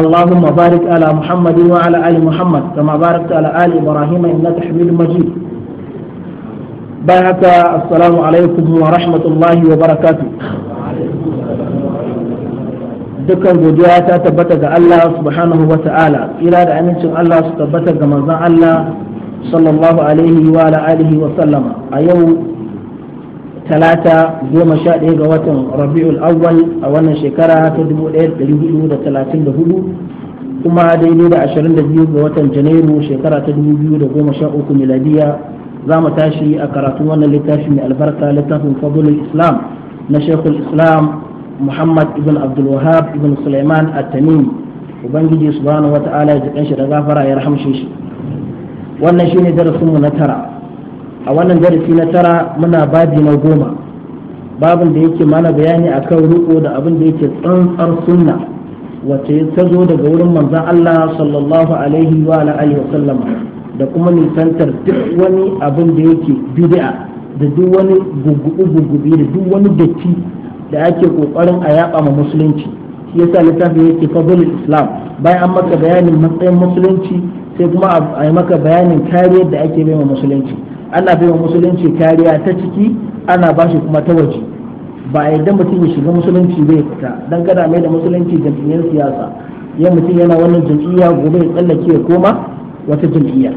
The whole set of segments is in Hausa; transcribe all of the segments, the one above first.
اللهم بارك على محمد وعلى آل محمد كما باركت على آل إبراهيم إنك حميد مجيد بارك السلام عليكم ورحمة الله وبركاته dukkan godiya ta tabbata ga Allah subhanahu wa ta'ala ira da amincin Allah su tabbata ga manzon Allah sallallahu alaihi wa alihi wa sallama a yau talata goma sha ɗaya ga watan rabi'ul awwal a wannan shekara ta dubu ɗaya da ɗari hudu da talatin da hudu kuma daidai da ashirin da biyu ga watan janairu shekara ta dubu biyu da goma sha uku miladiya za mu tashi a karatun wannan littafi mai albarka littafin fadlul islam na shekul islam muhammad ibn abdul wahab ibn sulaiman at-tamimi ubangiji subhanahu wata'ala ya jikan shi da gafara ya rahamshe shi wannan shine darasinmu na tara a wannan darasi na tara muna babi na goma babin da yake mana bayani a kan riko da abin da yake tsantsar sunna wace ta zo daga wurin manzon Allah sallallahu alaihi wa alihi wa sallam da kuma nisantar duk wani abin da yake bid'a da duk wani gugubu gugubi da duk wani datti da ake kokarin a yaba ma musulunci shi yasa littafin yake fadlul islam bayan an maka bayanin matsayin musulunci sai kuma a yi maka bayanin kariyar da ake bai ma musulunci ana baiwa musulunci kariya ta ciki ana ba shi kuma ta waje ba a yadda mutum ya shiga musulunci bai fita dan kada mai da musulunci jam'iyyar siyasa ya mutum yana wannan jam'iyya gobe ya tsallake ya koma wata jam'iyya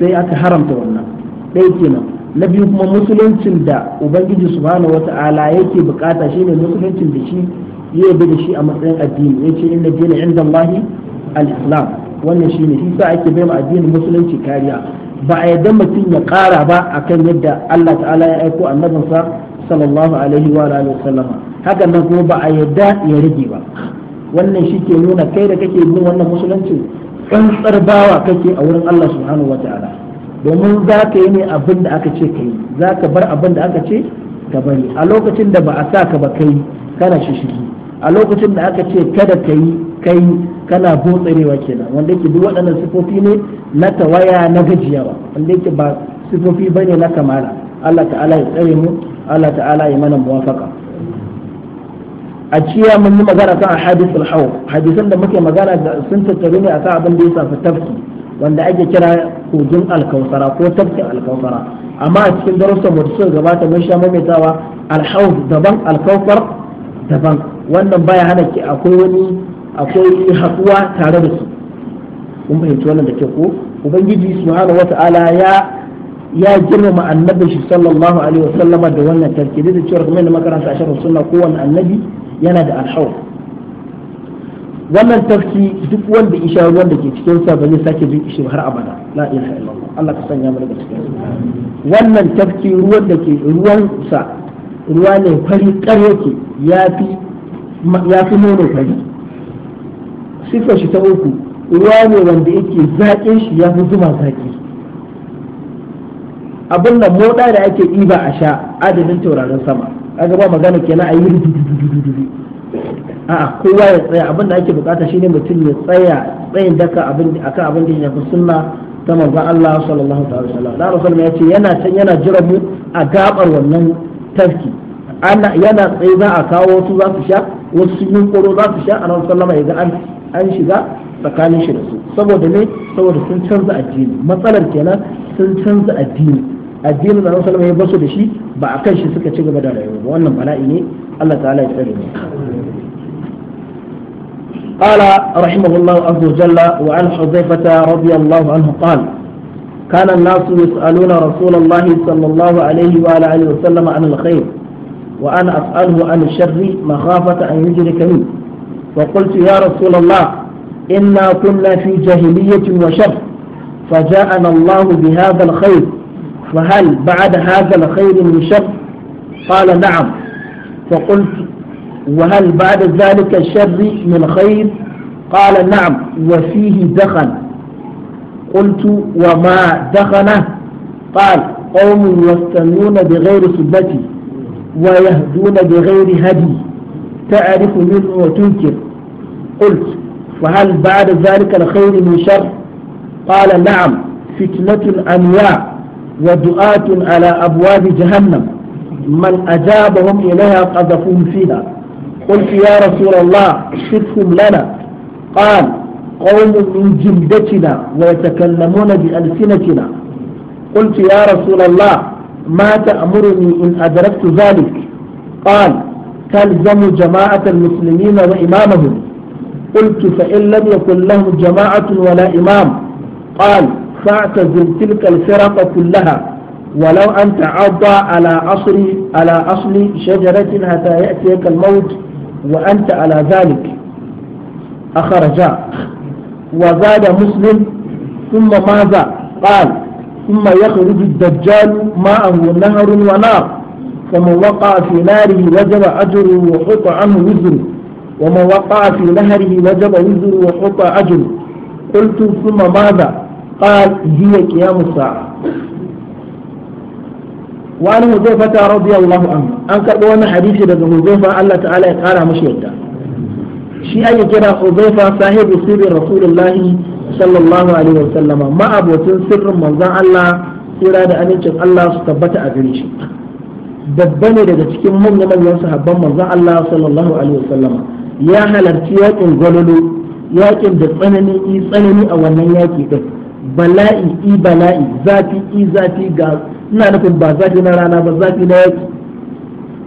sai aka haramta wannan ɗaya kenan na biyu kuma musuluncin da ubangiji subhanahu wata'ala yake bukata shine musuluncin da shi ya bi da shi a matsayin addini yace inna dina inda mahi al-islam wannan shine shi sa ake bai ma addinin musulunci kariya ba a yadda mutum ya kara ba a kan yadda Allah ta'ala ya aiko annabinsa sallallahu alaihi wa alihi sallama hakan nan kuma ba a yadda ya rage ba wannan shi ke nuna kai da kake bin wannan musulunci tsuntsar bawa kake a wurin Allah subhanahu wa ta'ala domin za ka yi ne abin da aka ce kai za ka bar abin da aka ce ka bari a lokacin da ba a sa ka ba kai kana shishigi a lokacin da aka ce kada ka yi kai kana botsarewa kenan wanda yake duk waɗannan sifofi ne na tawaya na gajiyawa wanda yake ba sifofi bane na kamala Allah ta'ala ya tsare mu Allah ta'ala ya mana muwafaka a ciya mun yi magana kan hadisul hawl hadisan da muke magana sun tattaru ne akan abin da ya shafi tafki wanda ake kira kogin alkausara ko tafkin alkausara amma a cikin darussan mu suka gabata mun sha maimaitawa alhawl daban alkausar daban wannan baya hana ki akwai wani akwai haɗuwa tare da su kun fahimci wannan da ke ko ubangiji subhanahu wata'ala ya ya girmama annabin shi sallallahu alaihi wa sallama da wannan tarkidi da cewa kuma da makaranta ashar sunna kowanne annabi yana da alhawar wannan tafki duk wanda isha ruwan da ke cikin sa ba zai sake jin ishi har abada la ilaha illallah Allah ka sanya mu daga cikin wannan tafki ruwan da ke ruwan sa ruwa ne fari kar yake yafi yafi nono fari siffar shi ta uku ruwa ne wanda yake zaƙin shi ya fi zuma zaƙi abin da moɗa da ake ɗiba a sha adadin taurarin sama a ba magana kenan a yi a'a kowa ya tsaya abin da ake bukata shine mutum ya tsaya tsayin daka a akan abin da ya fi sunna ta manzon Allah sallallahu alaihi wasallam da ya ce yana can yana jira mu a gabar wannan tafki yana tsaye za a kawo wasu za su sha wasu sun yi koro za su sha a nan sallama ya ga an an shiga tsakanin shi da su saboda ne saboda sun canza addini matsalar kenan sun canza addini addinin da ma ya basu da shi ba a kan shi suka ci gaba da rayuwa ba wannan bala'i ne Allah ta'ala ya tsare mu قال رحمه الله عز وجل وعن حذيفة رضي الله عنه قال كان الناس يسألون رسول الله صلى الله عليه وعلى آله وسلم عن الخير وأنا أسأله عن الشر مخافة أن يدركني فقلت يا رسول الله إنا كنا في جاهلية وشر فجاءنا الله بهذا الخير فهل بعد هذا الخير من شر قال نعم فقلت وهل بعد ذلك الشر من خير قال نعم وفيه دخن قلت وما دخنه قال قوم يستنون بغير سنتي ويهدون بغير هدي تعرف منه وتنكر قلت فهل بعد ذلك الخير من شر قال نعم فتنة أنواع ودعاة على أبواب جهنم من أجابهم إليها قذفهم فيها قلت يا رسول الله صفهم لنا قال قوم من جلدتنا ويتكلمون بألسنتنا قلت يا رسول الله ما تأمرني إن أدركت ذلك قال تلزم جماعة المسلمين وإمامهم قلت فإن لم يكن له جماعة ولا إمام قال فاعتزل تلك الفرق كلها ولو أن تعض على أصل على أصل شجرة حتى يأتيك الموت وأنت على ذلك أخرجا وزاد مسلم ثم ماذا قال ثم يخرج الدجال معه نهر ونار فمن وقع في ناره وجب أجره وحط عنه وزره ومن وقع في نهره وجب وزر وحط أجر قلت ثم ماذا قال هي قيام الساعة وعن حذيفة رضي الله عنه أن كبونا حديث لدى حذيفة الله تعالى قال مشيئة شيء أي كرا حذيفة صاحب سر رسول الله صلى الله عليه وسلم ما أبو سر من ذا الله إرادة أن يجب الله ستبت أبريش babba ne daga cikin manya manyan sahabban manzon Allah sallallahu alaihi wasallam ya halarci yaƙin gwalolo yakin da tsanani i tsanani a wannan yaki din bala'i i bala'i zafi i zafi ga ina nufin ba zafi na rana ba zafi na yaki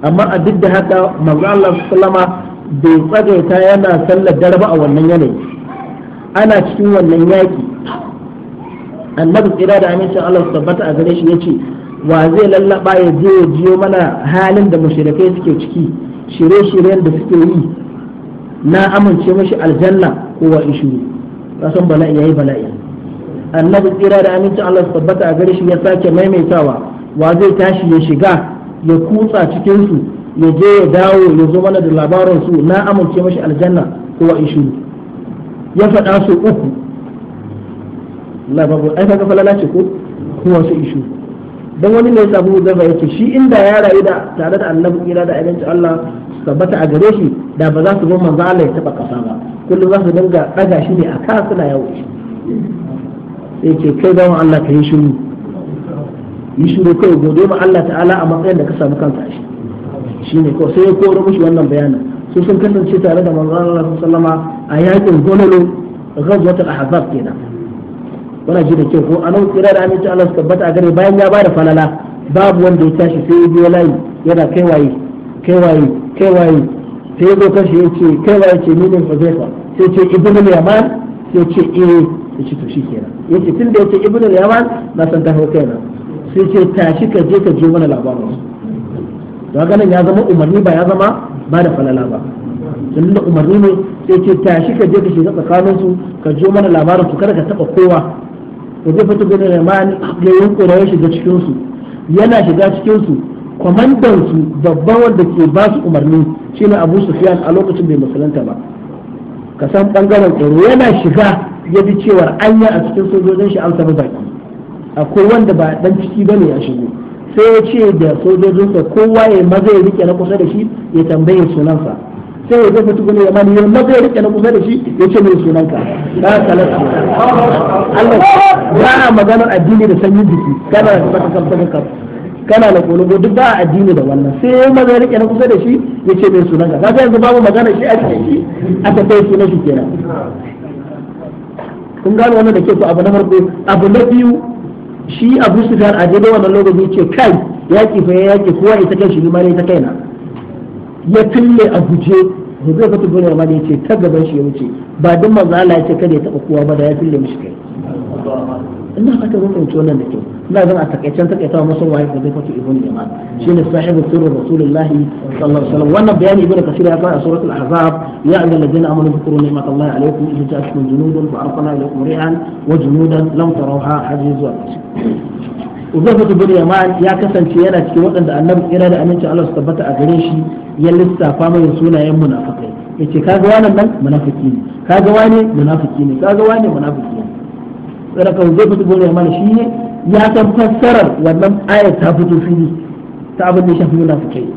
amma a duk da haka manzo Allah sallama bai tsagaita yana sallar darba a wannan yanayi ana cikin wannan yaki annabi tsira da amincin Allah su tabbata a gare shi yace wa zai lallaba ya je ya jiyo mana halin da mushrikai suke ciki shirye-shiryen da suke yi na amince mashi aljanna kowa in shiru kasan bala'i yayi bala'i annabi tsira da amincin Allah su tabbata a gare shi ya sake maimaitawa wa zai tashi ya shiga ya kutsa cikin su ya je ya dawo ya zo mana da labarin su na amince mashi aljanna ko wa shiru ya faɗa su uku labarin ai kaga falala ce ko ko wasu ishu dan wani ne sabu zaba yace shi inda ya rayu da tare da annabi tsira da amincin Allah tabbata a gare shi da ba za su zo manzo Allah ya taba kasa ba kullum za su dinga daga shi ne a ka suna yawo shi sai ce kai bawan Allah ka yi shiru yi shiru kai gode ma Allah ta'ala a matsayin da ka samu kanka shi shine ko sai ya koro mushi wannan bayanin su sun kasance tare da manzo Allah sallama a yakin Honolo ghazwatul ahzab kenan wannan ji da kyau ko anan kira da aminci Allah su tabbata a gare bayan ya bada falala babu wanda ya tashi sai ya biyo layi yana kai waye kewaye kewaye ta yi dokar zo kashi ya ce kewaye ce ni ne Huzaifa sai ce ibn Yaman sai ce eh ya ce to shi kenan yace tun da yace ibn Yaman na san ta hauka yana sai ce tashi ka je ka je mana labarin to haka nan ya zama umarni ba ya zama ba da falala ba tun da umarni ne sai ce tashi ka je ka shiga tsakanin su ka je mana labarin su kada ka taba kowa ko zai fito bin Yaman ya yunkura ya shiga cikin su yana shiga cikin su kwamandan su babban wanda ke ba su umarni shine Abu Sufyan a lokacin bai musulunta ba ka san bangaren tsaro yana shiga ya bi cewar anya a cikin sojojin shi an samu baki akwai wanda ba dan ciki bane ya shigo sai ya ce da sojojinsa kowa ya maza ya rike na kusa da shi ya tambaye sunansa sai ya zafi tukuni ya mani maza ya rike na kusa da shi ya ce mai sunanka ba ka lasa Allah ba a maganar addini da sanyin jiki kana da kana da gologo duk ba a addini da wannan sai ya maza rike na kusa da shi ya ce mai ka ka yanzu babu magana shi a cikin shi a kai sunan shi kenan kun gano wannan da ke ku abu na farko abu na biyu shi abu su a daidai wannan lokaci ce kai yaƙi fa ya kowa ita kai shi ma ne ta kaina ya tille a guje da zai fata duniya ma ne ce ta gaban shi ya wuce ba duk maza Allah ya ce kada ya taba kowa ba da ya tille mishi kai ina fata mun fahimci wannan da kyau ina zan a takaicen takaitawa musu waye da zai fata ibn yaman shine sahibu sirr rasulullahi sallallahu alaihi wasallam wannan bayani ibn kasir ya fara suratul ahzab ya ayyuhal ladina amanu dhkuru ni'matallahi alaikum idh ja'akum junudun fa arqana ilaykum ri'an wa junudan lam tarawha hajizun Uzaifatu bin Yaman ya kasance yana cikin waɗanda annabi kira da aminci Allah su tabbata a gare shi ya lissafa mai sunayen munafikai yace kaga wannan nan munafiki ne kaga wane munafiki ne kaga wani munafiki ne sadaka zai fito ya mana shi ne ya san fassarar wannan ayat ta fito fili ta abin da ya shafi munafikai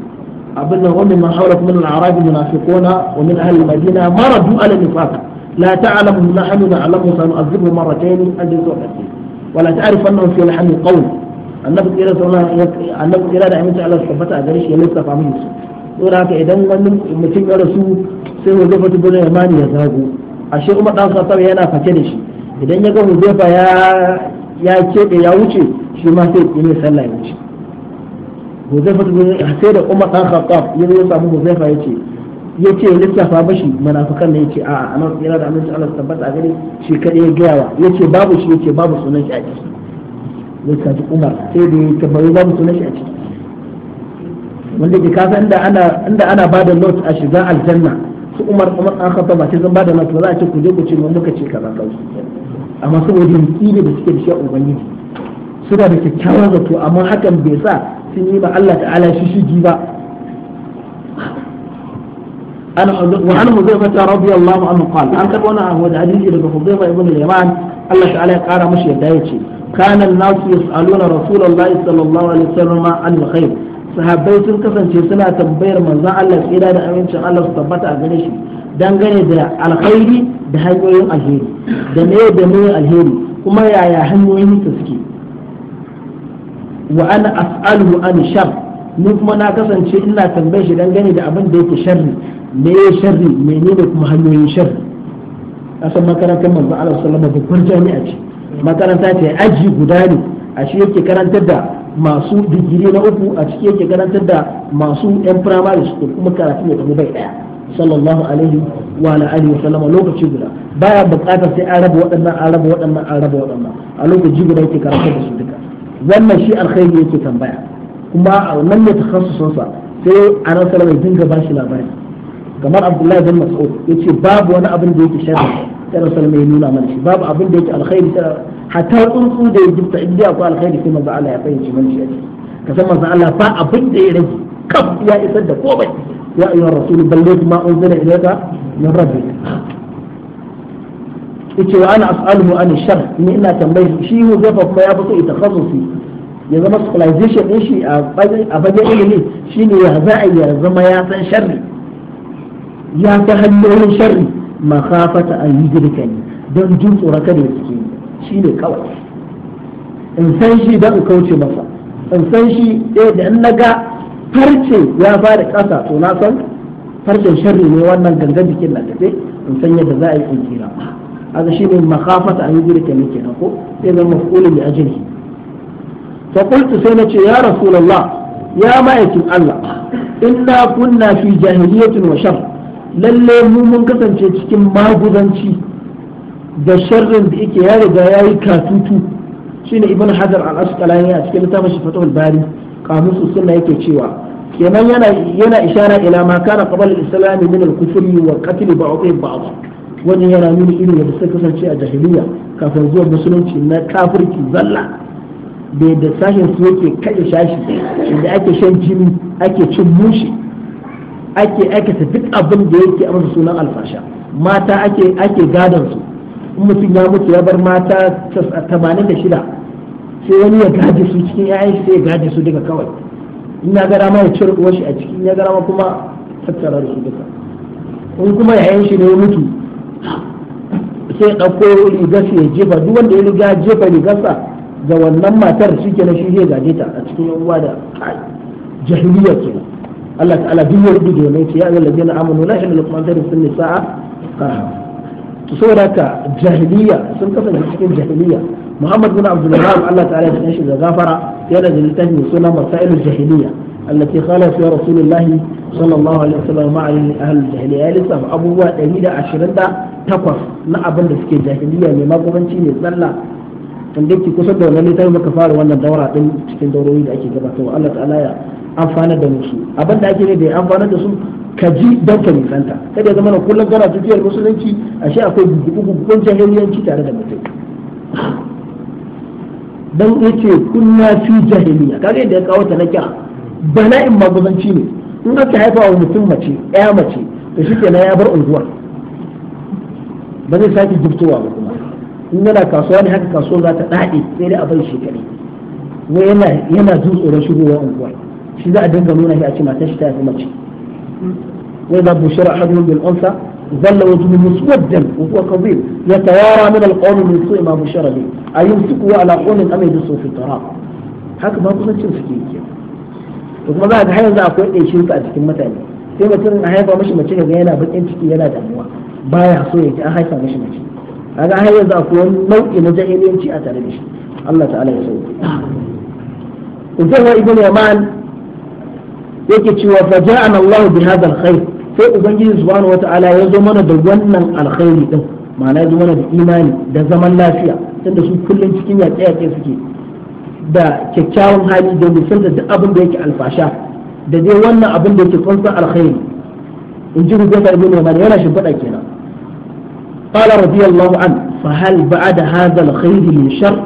abin nan wa mimma hawlakum min na arab munafiquna wa min ahli al-madina maradu ala nifaq la ta'lamu alamu sanu sanu'adhibu marratayn ajzu al-hadith wa la ta'rifu annahu fi lahmi qawl annabi kira sallallahu annabi kira da aminci Allah tabbata a gare shi ya lissafa mun su saboda haka idan wani mutum ya rasu sai wa zai fito bane ya mani ya zago ashe kuma dan sa yana fake da shi idan ya ga huzaifa ya keɓe ya wuce shi ma sai ya mai sallah ya wuce zai sai da umar ɗan khattab ya zai ya samu huzaifa ya ce ya ce ya lissafa shi munafikan da ya ce a anan yana da aminci Allah tabbata a gare shi kaɗai ya gaya wa ya ce babu shi ya ce babu sunan shi a ciki ya kaji umar sai da ya tabbari babu sunan shi a ciki wanda ke kasa inda ana inda ana bada a shiga aljanna su umar umar an khattab ba sai zan da lot ba za a ce ku je ku ce mu muka ce kaza kawai amma saboda yaƙini da suke da shi a ubangiji suna da kyakkyawan zato amma hakan bai sa sun yi ba Allah ta'ala shi shigi ba وعن حذيفة رضي الله عنه قال أن sahabbai sun kasance suna tambayar manzon Allah tsira da amincin Allah su tabbata a gare shi dangane da alkhairi da hanyoyin alheri da me da ne alheri kuma yaya hanyoyin ta suke wa ana as'aluhu an shar ni kuma na kasance ina tambaye shi dangane da abin da yake sharri me sharri menene kuma hanyoyin sharri asan makarantar manzo Allah sallallahu alaihi wasallam jami'a ce makaranta ce aji guda ne a shi yake karantar da masu digiri na uku a ciki yake karantar da masu yan primary school kuma karatu da mu bai daya sallallahu alaihi wa alihi wa sallama lokaci guda baya buƙatar sai an raba waɗannan an raba waɗannan an raba waɗannan a lokaci guda yake karanta da su duka wannan shi alkhairi yake tambaya kuma a wannan ne takhassusun sa sai anan sallama ya dinga ba shi labari kamar abdullahi bin mas'ud yace babu wani abin da yake sharri sai sallama ya nuna mana shi babu abin da yake alkhairi hatta tsuntsu da ya jibta inda akwai alkhairi sai manzo Allah ya fahimci mun shi ka san manzo Allah ba abin da ya rage kaf ya isar da komai يا أيها الرسول بلغ ما أنزل إليك من ربك إتي أنا أسأله عن الشر إن إنا تنبيه شيء هو زفا فيا بطو يتخصصي يزم سكولايزيشن إيشي أبدا إليني إيه شيني يهزعي يزم ياسن شري يا تهلون شر مخافة أن يدركني دون جنس وركني سكيني شيني كوا إنسان شي دعو كوتي مصر إنسان شي إيه لأنك farce ya fara ƙasa to na san farcen sharri ne wannan gangan jikin na tafe in san yadda za a yi kira haka shine makhafata an yi ne kenan ko sai zama mafulin ya ajri fa qultu sai ce ya rasulullah ya ma'aikin Allah inna kunna fi jahiliyatin wa shar lalle mu mun kasance cikin maguzanci da sharrin da yake ya riga yayi katutu shine ibn hajar al-asqalani a cikin littafin shi fatul bari kamusu sunna yake cewa kenan yana yana ishara ila ma kana qabla al-islam min al-kufri wa qatl ba'd ba'd wani yana nuna irin da suka kasance a jahiliya kafin zuwa musulunci na kafirki zalla da sashen su yake kai shashi inda ake shan jini ake cin mushi ake aikata duk abin da yake a masa sunan alfasha mata ake ake gadon su in mutum ya mutu ya bar mata 86 sai wani ya gaji su cikin ƴaƴan sai ya gaji su duka kawai in ya gara ma ya cire uwar shi a cikin in ya gara ma kuma tattara da su duka in kuma ya'yan shi ne ya mutu sai ya ɗauko rigarsa ya jefa duk wanda ya riga jefa rigarsa da wannan matar shi kenan shi zai gaje ta a cikin yan uwa da jahiliya kenan Allah ta'ala duk ya rubuta ne ce ya ayyuhal ladina amanu la ilaha illa sun sunni sa'a ah. to saboda ka jahiliya sun kasance cikin jahiliya muhammad bin abdul wahab Allah ta'ala ya tsaya shi da gafara yana da littafi mai suna masailul jahiliya allati khala fi rasulullahi sallallahu alaihi wasallam ma ahlul jahiliya ya lissafa abubuwa 128 na abin da suke jahiliya mai magubanci mai tsalla inda yake kusa da wannan littafi fara wannan daura din cikin daurori da ake gabatarwa Allah ta'ala ya amfana da musu abin da ake ne da ya amfana da su ka ji don ka kada ya zama na kullum kana tafiyar musulunci ashe akwai gugugun jahiliyanci tare da mutum dan yace kunna fi jahiliya kaga yadda ya kawo ta bana in maguzanci ne in aka haifa wa mutum mace ya mace to shi kenan ya bar unguwar ba zai sake giftowa ba kuma in yana kasuwa ne haka kasuwa za ta daɗe sai dai a bai shi wai yana yana jin tsoron shigowa unguwar shi za a dinga nuna shi a ce matar shi ta fi mace wai za bushara hadin bil unsa ظل وجهه مسودا وهو كظيم يتوارى من القوم من سوء ما بشر به أيمسكه على حون أم يدسه في التراب haka ma kusancin su ke yi to kuma za ka har yanzu akwai ɗaya a cikin mutane sai mutum a haifa mashi mace ga yana bakin ciki yana damuwa baya so ya ji an haifa mashi mace kaga har yanzu akwai wani nau'i na jahiliyanci a tare da shi Allah ta'ala ya sauke Uzaiwa ibn Yaman yake cewa fa ja'ana Allah sai ubangiji subhanahu wata'ala ya zo mana da wannan alkhairi din ma'ana ya zo mana da imani da zaman lafiya tunda su kullum cikin yaƙe-yaƙe suke da kyakkyawan hali da nisan da duk abin da yake alfasha da dai wannan abin da yake tsantsan alkhairi in ji rubuta ibn Umar yana shimfiɗa kenan qala radiyallahu an fa hal ba'da hadha alkhair min shar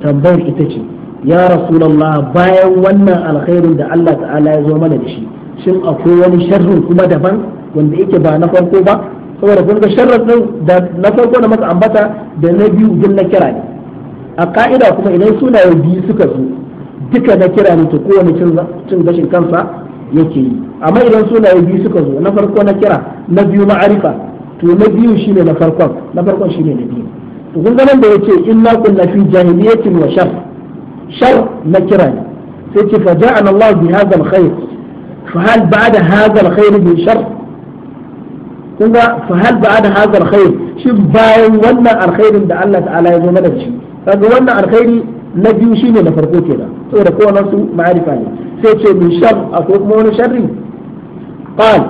tambayar ita ce ya rasulullah bayan wannan alkhairin da Allah ta'ala ya zo mana da shi shin akwai wani sharrin kuma daban wanda yake ba na farko ba saboda kun ga sharrin din da na farko na maka ambata da na biyu din na kira ne a ka'ida kuma idan sunaye biyu suka zo duka na kira ne to kowane cin gashin kansa yake yi amma idan sunaye biyu suka zo na farko na kira na biyu ma'arifa to na biyu shine na farkon na farkon shine na biyu to kun ga nan da yace inna kunna fi jahiliyatin wa shar shar na kira ne sai ce fa ja'ana Allah bi hadha al-khair فهل بعد هذا الخير من شر kun ga fahal ba da hazar khair shi bayan wannan alkhairin da Allah ta'ala ya zo mana da shi kaga wannan alkhairi na biyu shine na farko kenan saboda kowannen su ma'arifa ne sai ce min shar akwai kuma wani sharri qal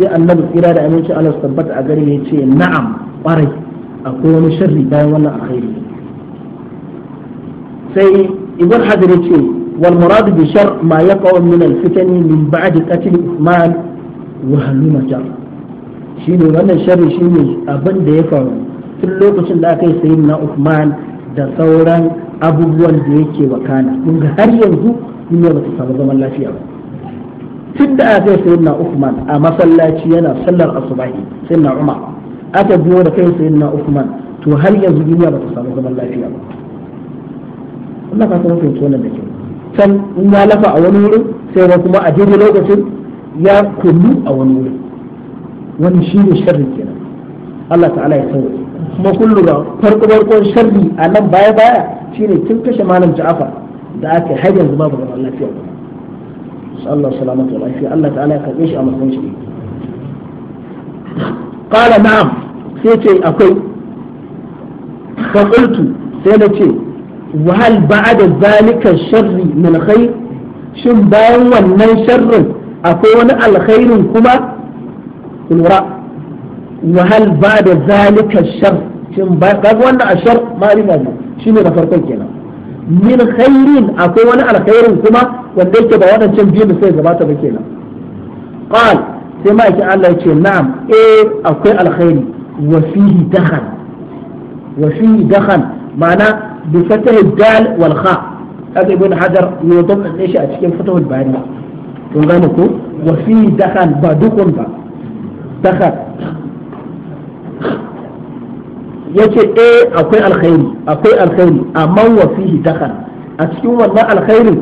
sai annabi kira da aminci Allah tabbata a gare ya ce na'am kwarai akwai wani sharri bayan wannan alkhairi sai ibn hajar ya ce والمراد بشر ما يقع من الفتن من بعد قتل عثمان وهلم جر shine wannan sharri shine abin da ya faru tun lokacin da aka yi sayin na Uthman da sauran abubuwan da yake wakana kun har yanzu duniya ba ta samu zaman lafiya ba tun da aka yi sayin na Uthman a masallaci yana sallar asubahi sai na Umar aka biyo da kai sayin na Uthman to har yanzu duniya ba ta zaman lafiya ba ka can in ya lafa a wani wurin sai ga kuma a daidai lokacin ya kullu a wani wurin wani shi ne sharri kenan Allah ta'ala ya sauya kuma kullu ga farko farkon sharri a nan baya baya shine tun kashe malam Ja'far da aka har yanzu babu zaman lafiya Allah salamatu lafiya Allah ta'ala ya karbe shi a matsayin shi qala na'am sai ce akwai fa qultu sai na ce wa ba'da zalika sharri min khair shin bayan wannan sharrin akwai wani alkhairin kuma kulura wa ba'da zalika shar shin bayan wannan ashar ma'rifa ne shine na farkon kenan min akwai wani alkhairin kuma wanda yake ba wadancan biyu da sai gabata ba kenan qal sai ma yake Allah yace na'am akwai alkhairi wa fihi dakhan wa ma'ana بفتح الدال والخاء هذا ابن حجر يضم ايش اشكي فتح الباري وغانكو وفي دخل بعدكم دخل yace e akwai alkhairi akwai alkhairi amma wa fihi dakhal a cikin wannan alkhairin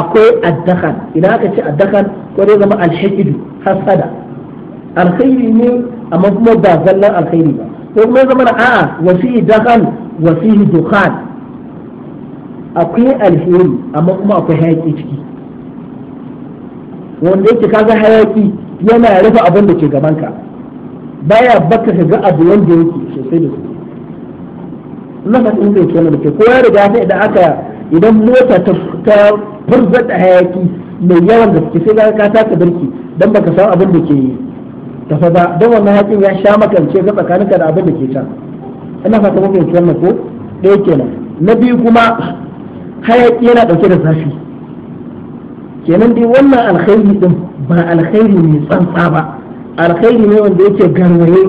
akwai addakhal idan aka ce addakhal ko dai zama alhaqidu hasada alkhairi ne amma kuma ba zallan alkhairi ba ko kuma zama na a'a wa fi dakhal wa fi dukhan akwai alheri amma kuma akwai hayaki ciki wanda yake kaga hayaki yana rufe abin da ke gaban ka baya baka ka ga abu wanda yake sosai da sosai na ba in zai kenan da ke ko ya riga sai idan aka idan mota ta ta da hayaki mai yawan gaske sai ka taka birki dan baka san abin da ke yi. tafa ba don wannan haƙin ya sha makance ka tsakaninka da abin da ke can ina fata mun fahimci wannan ko ɗaya kenan na biyu kuma hayaƙi yana ɗauke da zafi kenan dai wannan alkhairi din ba alkhairi mai tsantsa ba alkhairi ne wanda yake garwaye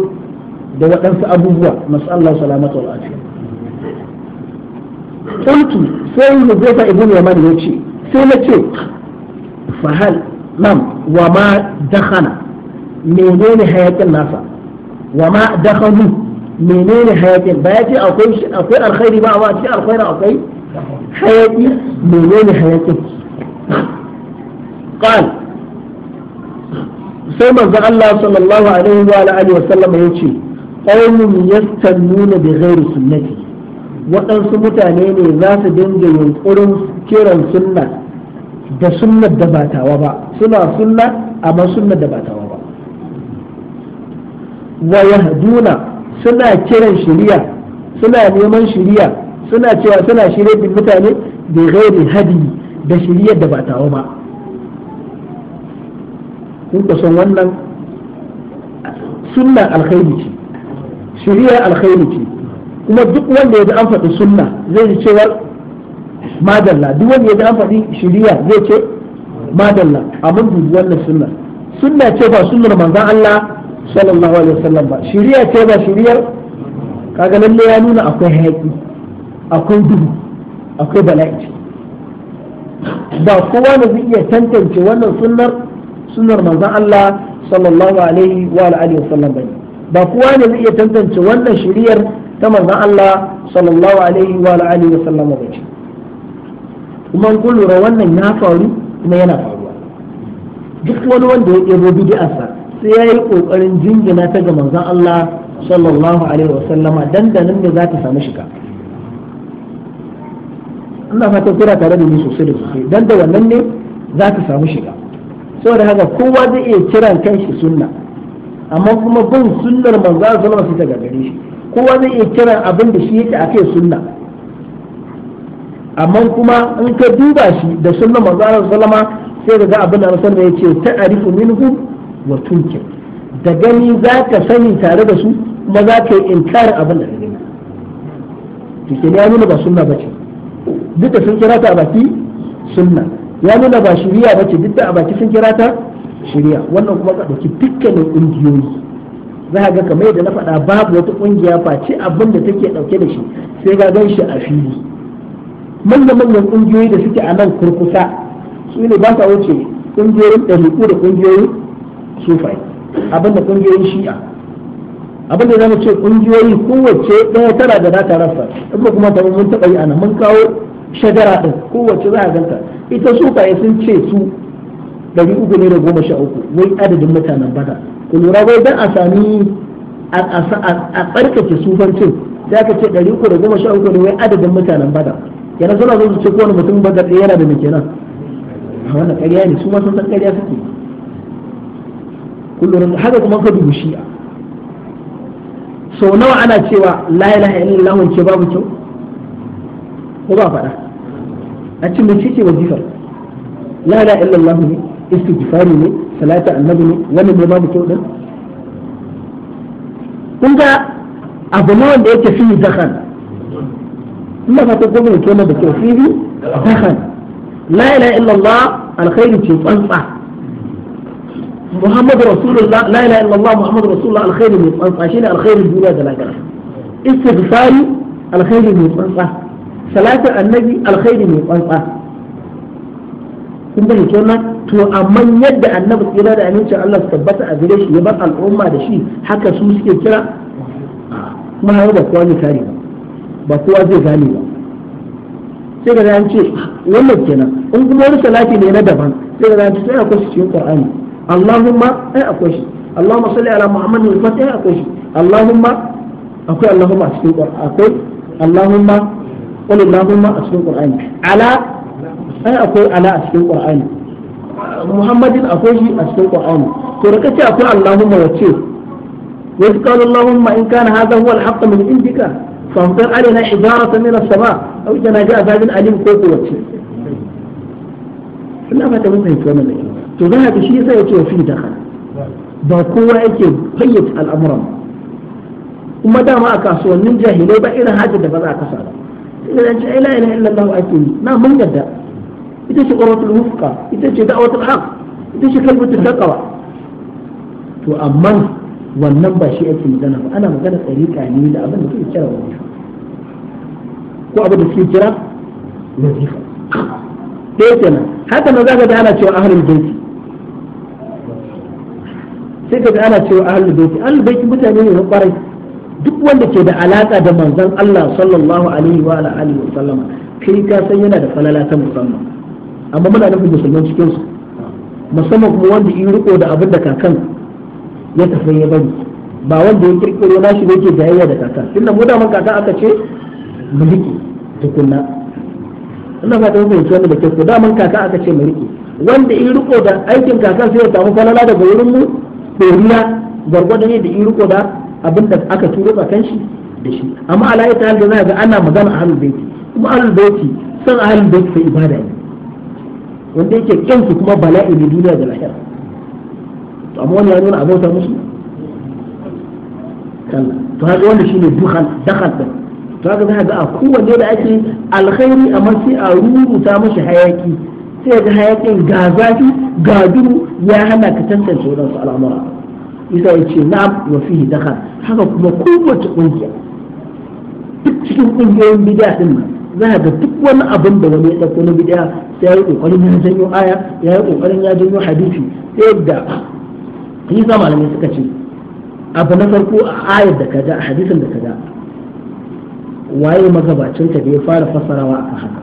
da waɗansu abubuwa masu Allah salamatu wa lafiya kuntu sai huzaifa ibn yaman ya ce sai na ce fahal nam wa ma dakhana menene hayakin nasa wa ma dakhalu menene hayakin ba ya ce akwai akwai alkhairi ba ba ce alkhairi akwai hayaki menene hayakin qal sai manzo Allah sallallahu alaihi wa alihi wa sallam yace qaumun yastannuna bi ghairi sunnati waɗansu mutane ne za su dinga yunkurin kiran sunna da sunnar da ba tawa ba suna sunna amma sunnar da ba tawa wa yahduna suna kiran shiriya suna neman shiriya suna cewa suna shirye da mutane da gairi hadi da shiriyar da ba tawo ba kun ka san wannan sunna alkhairi ce shiriya alkhairi ce kuma duk wanda ya ji an faɗi sunna zai ji cewa madalla duk wanda ya ji an faɗi shiriya zai ce madalla amma duk wannan sunna sunna ce ba sunnar manzon Allah sallallahu alaihi wasallam ba shiriya ce ba shiriyar kaga lalle ya nuna akwai hayaki akwai duhu akwai bala'i ba kowa ne zai iya tantance wannan sunnar sunnar manzon Allah sallallahu alaihi wa alihi wasallam bane ba kowa ne zai iya tantance wannan shiriyar ta manzon Allah sallallahu alaihi wa alihi wasallam bane kuma kun lura wannan ya faru kuma yana faruwa duk wani wanda ya ɗebo bid'arsa sai ya yi ƙoƙarin jingina ta ga manzon Allah sallallahu alaihi wasallama dandanin da za ta samu shiga ina fatan kuna tare da ni sosai da sosai dan da wannan ne za ta samu shiga saboda haka kowa zai iya kiran kanshi sunna amma kuma bin sunnar manzo sallallahu alaihi wasallam gare shi kowa zai iya kira abin da shi yake akai sunna amma kuma in ka duba shi da sunnar manzo sallallahu alaihi sai daga abin da sallallahu alaihi wasallam yace ta'rifu minhum wa tunkin da gani za ka sani tare da su kuma za ka yi inkarin abin da ka gani ya nuna ba sunna ba ce duk da sun kira ta a baki sunna ya nuna ba shiriya ba ce duk da a sun kira ta shiriya wannan kuma ka ɗauki dukkanin ƙungiyoyi za ka ga kamar yadda na faɗa babu wata ƙungiya face abin da take ɗauke da shi sai ga gan shi a fili manyan manyan ƙungiyoyi da suke a nan kurkusa su ne ba sa wuce ƙungiyoyin ɗari'u da ƙungiyoyin sufai abin da kungiyoyin shi'a abin da zamu ce kungiyoyi kowace ɗaya tara da za ta rasa in ba kuma tabbata mun taɓa yi ana mun kawo shajara ɗin kowace za a ganta ita sufai sun ce su ɗari uku ne da goma sha uku wai adadin mutanen bada ku lura wai dan a sami a tsarkake sufancin sai aka ce ɗari uku da goma sha uku ne wai adadin mutanen bada yana suna zo su ce kowane mutum bada ɗaya yana da mai kenan a wannan ƙarya ne su ma sun san ƙarya suke kullum haka kuma ka dubu shi'a sau nawa ana cewa la ilaha illallah ce babu kyau ko ba faɗa a cikin mace ce wazifar la ilaha illallah ne istighfari ne salatu annabi ne wannan ne babu kyau din kun ga abu na wanda yake fi zakan ina fata ko mai kyau na da kyau fi zakan la ilaha illallah alkhairi ce tsantsa muhammadu rasulullah la ilaha illallah muhammadu rasulullah alkhairu mai tsantsa shine alkhairin duniya da lahira istighfari alkhairu mai tsantsa salatin annabi alkhairu mai tsantsa kun bai kenan to amma yadda annabi tsira da aminci Allah su tabbata a gare shi ya bar al'umma da shi haka su suke kira kuma har ba kowa zai kare ba ba kowa zai gane ba sai ga an ce ah, wannan kenan in kuma wani salati ne na daban sai ga an ce sai akwai su cikin Qur'ani Allahumma ai eh, akwai shi Allahumma salli ala Muhammad wal ai eh, akwai shi Allahumma akwai Allahumma a cikin Qur'ani akwai Allahumma qul Allahumma a cikin Qur'ani ala ai eh, akwai ala a cikin Qur'ani Muhammadin akwai shi a cikin Qur'ani to da kace akwai Allahumma wace wasu qala Allahumma in kana hadha huwa al-haqq min indika فامطر علينا حجارة من السماء أو إذا جاء فاجر أليم كوكو وتشي. لا ما تبغى تفهم to za ka shi sai ya ce fi dakhal ba kowa yake fayyace al'amuran kuma dama a kasuwannin jahilai ba irin hajji da ba za a kasa ba sai da ce la ilaha illallah ake yi na mun yadda ita ce qurratul wufqa ita ce da'watul haq ita ce kalmatul taqwa to amma wannan ba shi ake magana ba ana magana tsarika ne da abin da suke kira wajifa ko abin da suke kira wajifa ɗaya kenan haka nan zaka ka ga ana cewa ahlul baiti sai ka ana cewa ahlul baiti ahlul baiti mutane ne na kwarai duk wanda ke da alaka da manzon Allah sallallahu alaihi wa alihi wa sallama kai ka san yana da falala ta musamman amma muna nufin musulman cikin su musamman kuma wanda in riko da abin da kakan ya tafi ya bari ba wanda ya kirkiro nashi da yake jayayya da kaka tunda mu da man kaka aka ce riki tukunna ba ta mun ce wannan da ke da mun kaka aka ce mu riki wanda in riko da aikin kakan sai ya samu falala daga wurin mu ɗoriya gwargwadon yadda in riko da abin da aka turo bakan shi da shi amma ala ita hal da ga ana magana a halin baiti kuma halin baiti san halin baiti sai ibada ne wanda yake kyan su kuma bala'i ne duniya da lahira to amma wani ya nuna abota musu kalla to haka wanda shine dukhal dakhal din to haka za ga a kowanne da ake alkhairi amma sai a rubuta mashi hayaki sai ga hayakin ga zafi ga ya hana ka tantance wadansu al'amura isa ya ce na'am wa fihi haka kuma kowace kungiya duk cikin kungiyoyin bid'a nan za ga duk wani abin da wani ya dauko na bid'a sai ya yi ƙoƙarin ya janyo aya ya yi ƙoƙarin ya janyo hadisi sai yadda isa malami suka ce abu na farko a ayar da kaza a hadisin da kaza waye magabacin da ya fara fasarawa a haka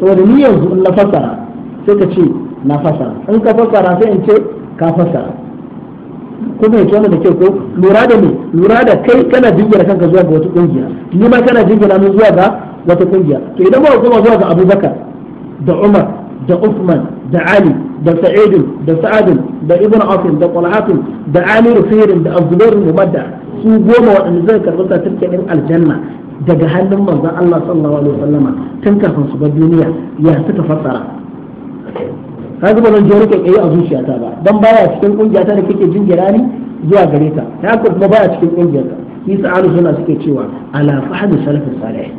saboda ni yanzu in na fasara sai ka ce na fasara in ka fasara sai in ce ka fasara ko mai da kyau ko lura da ne lura da kai kana jingira kanka zuwa ga wata kungiya ni ma kana jingira mu zuwa ga wata kungiya to idan ba kuma zuwa ga Abubakar da Umar da Uthman da Ali da Sa'id da Sa'ad da Ibn afin da Talhat da Amir Firin da Abdullah Mumadda su goma waɗanda zai karɓi satirkin aljanna daga hannun manzon Allah sallallahu alaihi wasallama tun kafin su bar duniya ya suka fassara ka zuba ban jori kai a zuciyata ba dan baya cikin kungiyata da kake jin girani zuwa gare ta ta ku kuma baya cikin kungiyarka shi sa alu suna suke cewa ala fahmi salafus salih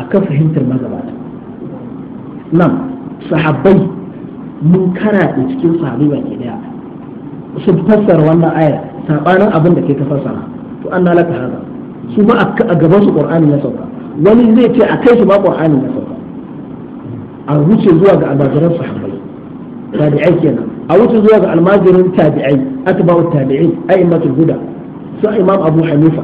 akan fahimtar magabata nan sahabbai mun kara da cikin sahabbai baki daya sun fassara wannan aya sabanin abin da ke ta fassara to an laka haza su ma a gaban su qur'ani na sauka wani zai ce a kai shi ma qur'ani na sauka a wuce zuwa ga albajiran sahabbai tabi'ai kenan a wuce zuwa ga almajirin tabi'ai atba'u tabi'in a'immatul huda su imam abu hanifa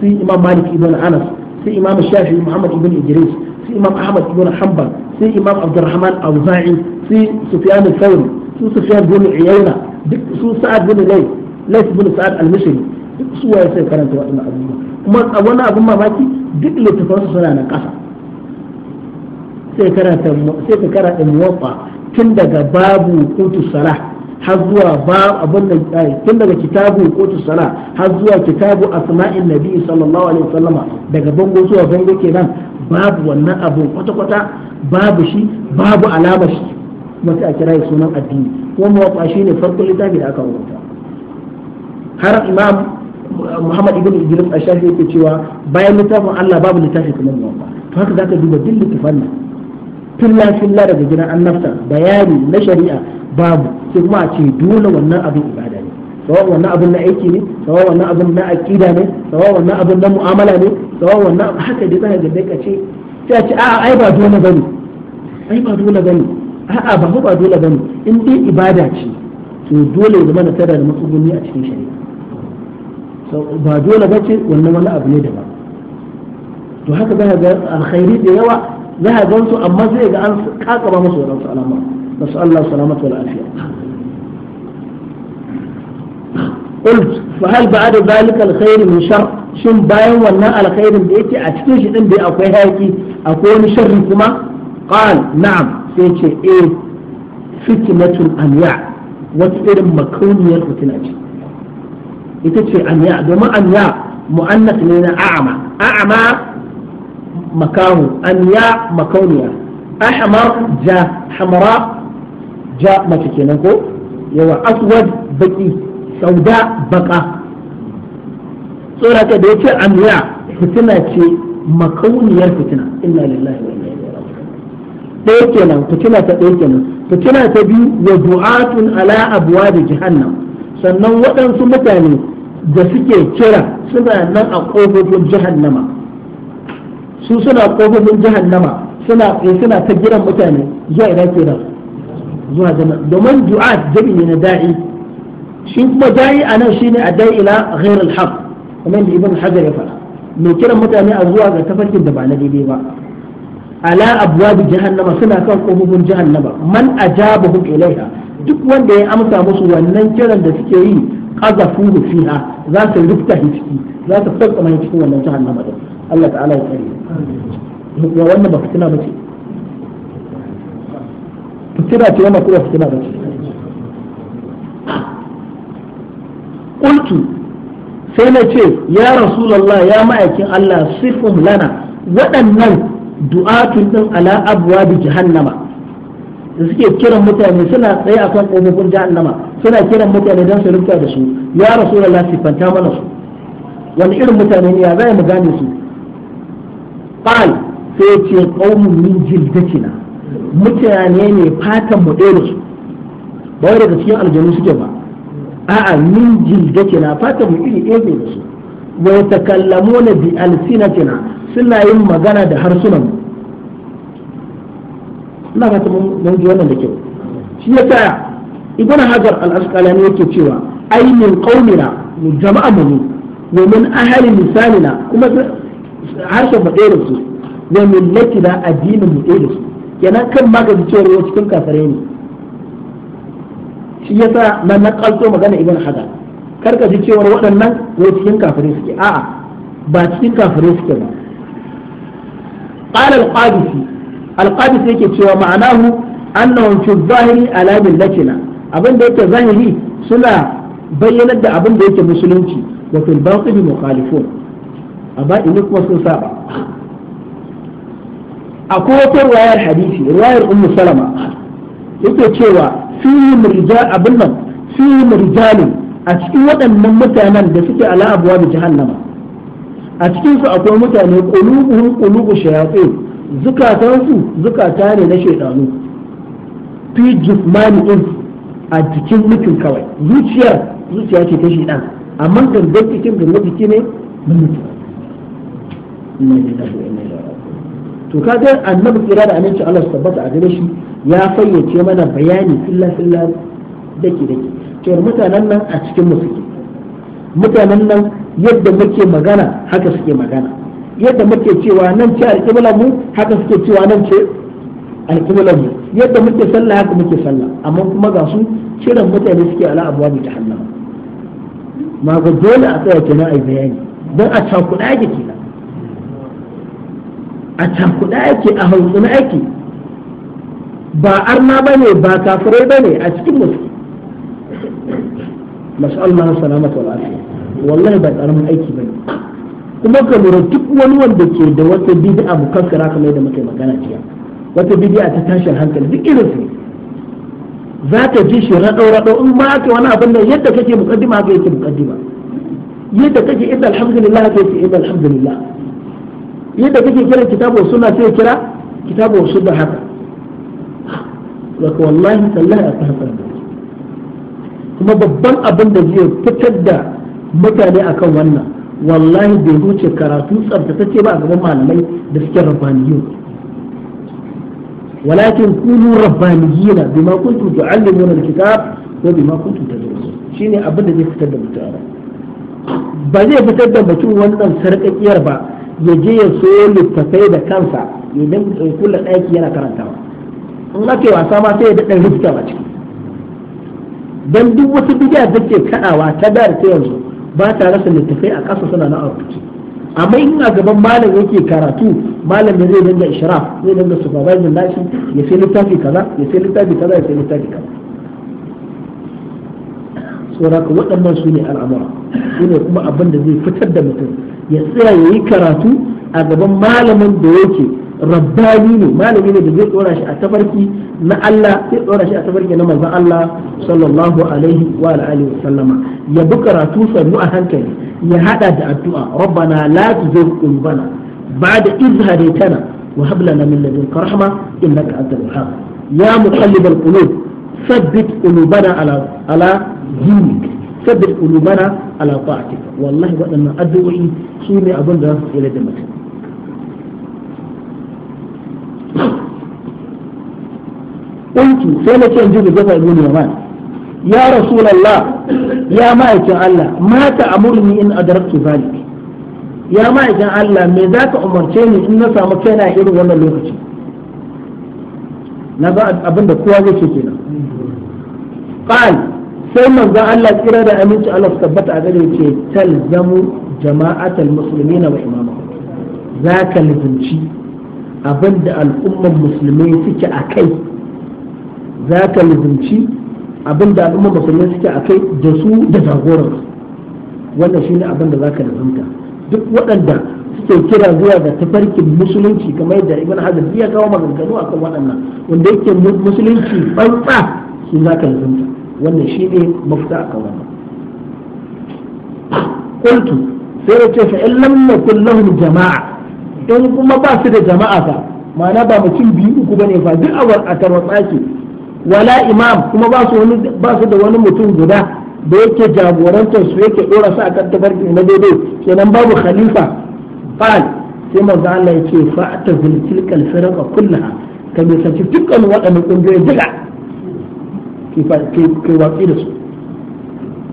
su imam malik ibn anas su imam shafi'i muhammad ibn idris su imam ahmad ibn hanbal su imam abdurrahman auza'i su sufyan al-thawri su sufyan ibn uyayna duk su sa'ad ibn lay lays ibn sa'ad al-misri duk su waye sai karanta waɗannan abubuwa kuma wannan abun mamaki duk littafansu suna na ƙasa sai karanta sai ka karanta muwaffa tun daga babu kutu sala har zuwa ba abin da eh, tun daga kitabu kutu sala har zuwa kitabu asma'in nabi sallallahu alaihi wasallama daga bango zuwa bango kenan babu wannan abun kwata kwata babu shi babu alamar shi mata a kira sunan addini kuma mawaƙa shi ne farkon littafi da aka rubuta har imam muhammad ibn idris a shafi yake cewa bayan littafin allah babu littafi kamar mawaƙa to haka za ka duba duk littafan nan filla filla daga gidan annabta bayani na shari'a babu sai kuma a ce dole wannan abin ibada ne sawa wannan abin na aiki ne sawa wannan abin na aqida ne sawa wannan abin na mu'amala ne sawa wannan haka dai zaka ga ka ce sai a ce a'a ai ba dole bane ai ba dole bane a'a ba ba dole bane in dai ibada ce to dole ya zama na da matsuguni a cikin shari'a ba dole ba ce wannan wani abu ne daban to haka zaka ga alkhairi da yawa za a gansu amma zai ga an kakaba musu wadansu alama nasu Allah salamatu wal afiya قلت فهل بعد ذلك الخير من شر shin bayan wannan alkhairin da yake a cikin shi din da akwai hayaki akwai wani sharri kuma qal na'am sai ce eh a anya wata irin makauniyar fitina ce ita ce anya domin anya mu'annas ne na a'ama a'ama makaho an ya makauniya ahmar ja hamra ja mace kenan ko yawa aswad baki sauda baka tsoraka da yace an ya fitina ce makauniyar fitina inna lillahi wa inna ɗaya kenan fitina ta ta biyu wa du'atun ala abwa da sannan waɗansu mutane da suke kira suna nan a ƙofofin jahannama su suna kofofin jahannama suna eh, suna ta giran mutane zuwa ina kenan zuwa jama'a domin du'a ne na da'i shi kuma da'i nan shine a da'i ila ghair al-haq kamar da ibn hajar ya fara mai kiran mutane a zuwa ga tafarkin da ba na daidai ba ala bi jahannama suna kan kofofin jahannama man ajabahum ilaiha duk wanda ya amsa musu wannan kiran da suke yi qazafuhu fiha za su rufta ciki za su tsaka mai cikin wannan jahannama din Allah ta'ala ya tsare kuma wannan ba fitina ba bace fitina ce wannan kuma fitina ba bace qultu sai na ce ya rasulullah ya ma'aikin Allah sifum lana waɗannan du'atun din ala abwabi jahannama da suke kiran mutane suna tsaye akan kofofin jahannama suna kiran mutane don su rufta da su ya rasu rasulullah sifanta mana su wani irin mutane ne ya zai mu gane su qal sai ce qaumun min jildatina mutane ne fatan mu ɗaya da su ba wai daga cikin aljanu suke ba a'a min jildatina fatan mu iri ɗaya da su wa yatakallamuna bi alsinatina suna yin magana da harsunan ina fata mun ji wannan da kyau shi yasa Idan hajar al-asqalani yake cewa ai min qaumina mu jama'a mu wa min ahli misalina kuma harshen mu da su wa millatina addinin mu da su kenan kan ma ka cewa cikin kafirai ne shi yasa na nakalto magana ibn hajar kar ka ji cewar waɗannan ruwa cikin kafirai suke a'a ba cikin kafirai suke ba qala al-qadisi al-qadisi yake cewa ma'anahu annahum fi zahiri ala millatina abin da yake zahiri suna bayyanar da abin da yake musulunci wa fil batin mukhalifun amma ina kuma sun saba akwai wata ruwayar hadisi ruwayar ummu salama yake cewa fihim murja abin nan fihim rijalun a cikin waɗannan mutanen da suke ala abuwa da jahannama a cikin su akwai mutane qulubuhum qulubu zukatan zukatansu zukata ne na shaidanu fi jismani in a cikin mutum kawai zuciyar zuciya ce ta shaidan amma gangan cikin gangan jiki ne na mutum inna lillahi wa inna ilaihi to kaga annabi kira da aminci Allah tabbata a gare shi ya fayyace mana bayani filla filla dake dake cewar mutanen nan a cikin mu suke mutanen nan yadda muke magana haka suke magana yadda muke cewa nan ce alƙiblar mu haka suke cewa nan ce alƙiblar mu yadda muke sallah haka muke sallah amma kuma ga su kiran mutane suke ala abuwa ta hannu ma ga dole a tsaya kenan a bayani don a cakuɗa ake kenan a cakuɗa ake a hautsuna ake ba arna ba ne ba kafirai ba ne a cikin musu masu Allah salamata wa lafiya wallahi ba karamin aiki ba ne kuma ka lura duk wani wanda ke da wata bid'a kankara kamar yadda muke magana jiya wata bid'a ta tashin hankali duk irin su za ta ji shi raɗau raɗau in ba ka wani abin da yadda kake mukaddima haka yake mukaddima yadda kake idda alhamdulillah haka yake idda alhamdulillah yadda kake kira kitabu suna sai kira kitabu sunna haka laka wallahi tallahi akwai haka kuma babban abin da zai fitar da mutane akan wannan wallahi bai wuce karatu tsabtatacce ba a gaban malamai da suke rabbaniyu walakin kunu rabbaniyina bima kuntum tu'allimuna kitab ko ma bima kuntum tadrusun shine abin da zai fitar da mutane ba zai fitar da mutum wannan sarƙaƙiyar ba ya je ya so littattafai da kansa ya dan kula ɗaki yana karantawa in ake wasa ma sai ya daɗa rufta ba ciki dan duk wasu bid'a da ke kaɗawa ta da ta yanzu ba ta rasa littattafai a ƙasa suna na rubuce amma in a gaban malam yake karatu malamin zai dinga ishraf zai dinga supervising nashi ya sai littafi kaza ya sai littafi kaza ya sai littafi kaza saboda waɗannan su ne al'amura su ne kuma abin da zai fitar da mutum ya tsaya ya yi karatu a gaban malamin da yake rabbani ne malami ne da zai tsora shi a tabarki na Allah zai tsora shi a tabarki na manzon Allah sallallahu alaihi wa alihi wa sallama ya bi karatu sannu a hankali ya hada da addu'a rabbana la tuzigh qulubana ba'da idh hadaytana wa hab lana min ladunka rahma innaka antal wahhab ya muqallibal qulub ثبت قلوبنا على ala. dini sabbir kulubana ala ta'ati wallahi wadannan addu'o'i shi ne abin da ya rage mutum Unki sai na ce jibi zafa ibn yaman ya rasulullah ya ma'aikin Allah mata amurni in adraktu zalik ya ma'aikin Allah me za ka umarce ni in na samu kaina irin wannan lokaci na ba abin da kowa zai ce kenan qal sai manzon Allah kira da aminci Allah su tabbata a gare ce talzamu jama'atal muslimina wa imama za ka lizinci abinda al'ummar musulmai suke a kai za ka lizinci abinda al'ummar musulmi suke a kai da su da jagoran wannan shine abinda za ka lizinta duk waɗanda suke kira zuwa ga tafarkin musulunci kamar yadda ibn hajar ya kawo maganganu akan waɗannan wanda yake musulunci fansa su za ka lizinta wannan shi ne mafita a kan wannan sai ya ce fa in lam yakul lahum jama'a in kuma ba su da jama'a fa ma'ana ba mutum biyu uku bane fa duk a a tarwatsa wala imam kuma ba su wani ba su da wani mutum guda da yake jagorantar su yake dora su akan tabarki na daidai kenan babu khalifa qal sai manzo Allah yace fa atazil tilkal firaqa kullaha ka bi sace dukkan waɗannan kungiyoyi duka kai watsi da su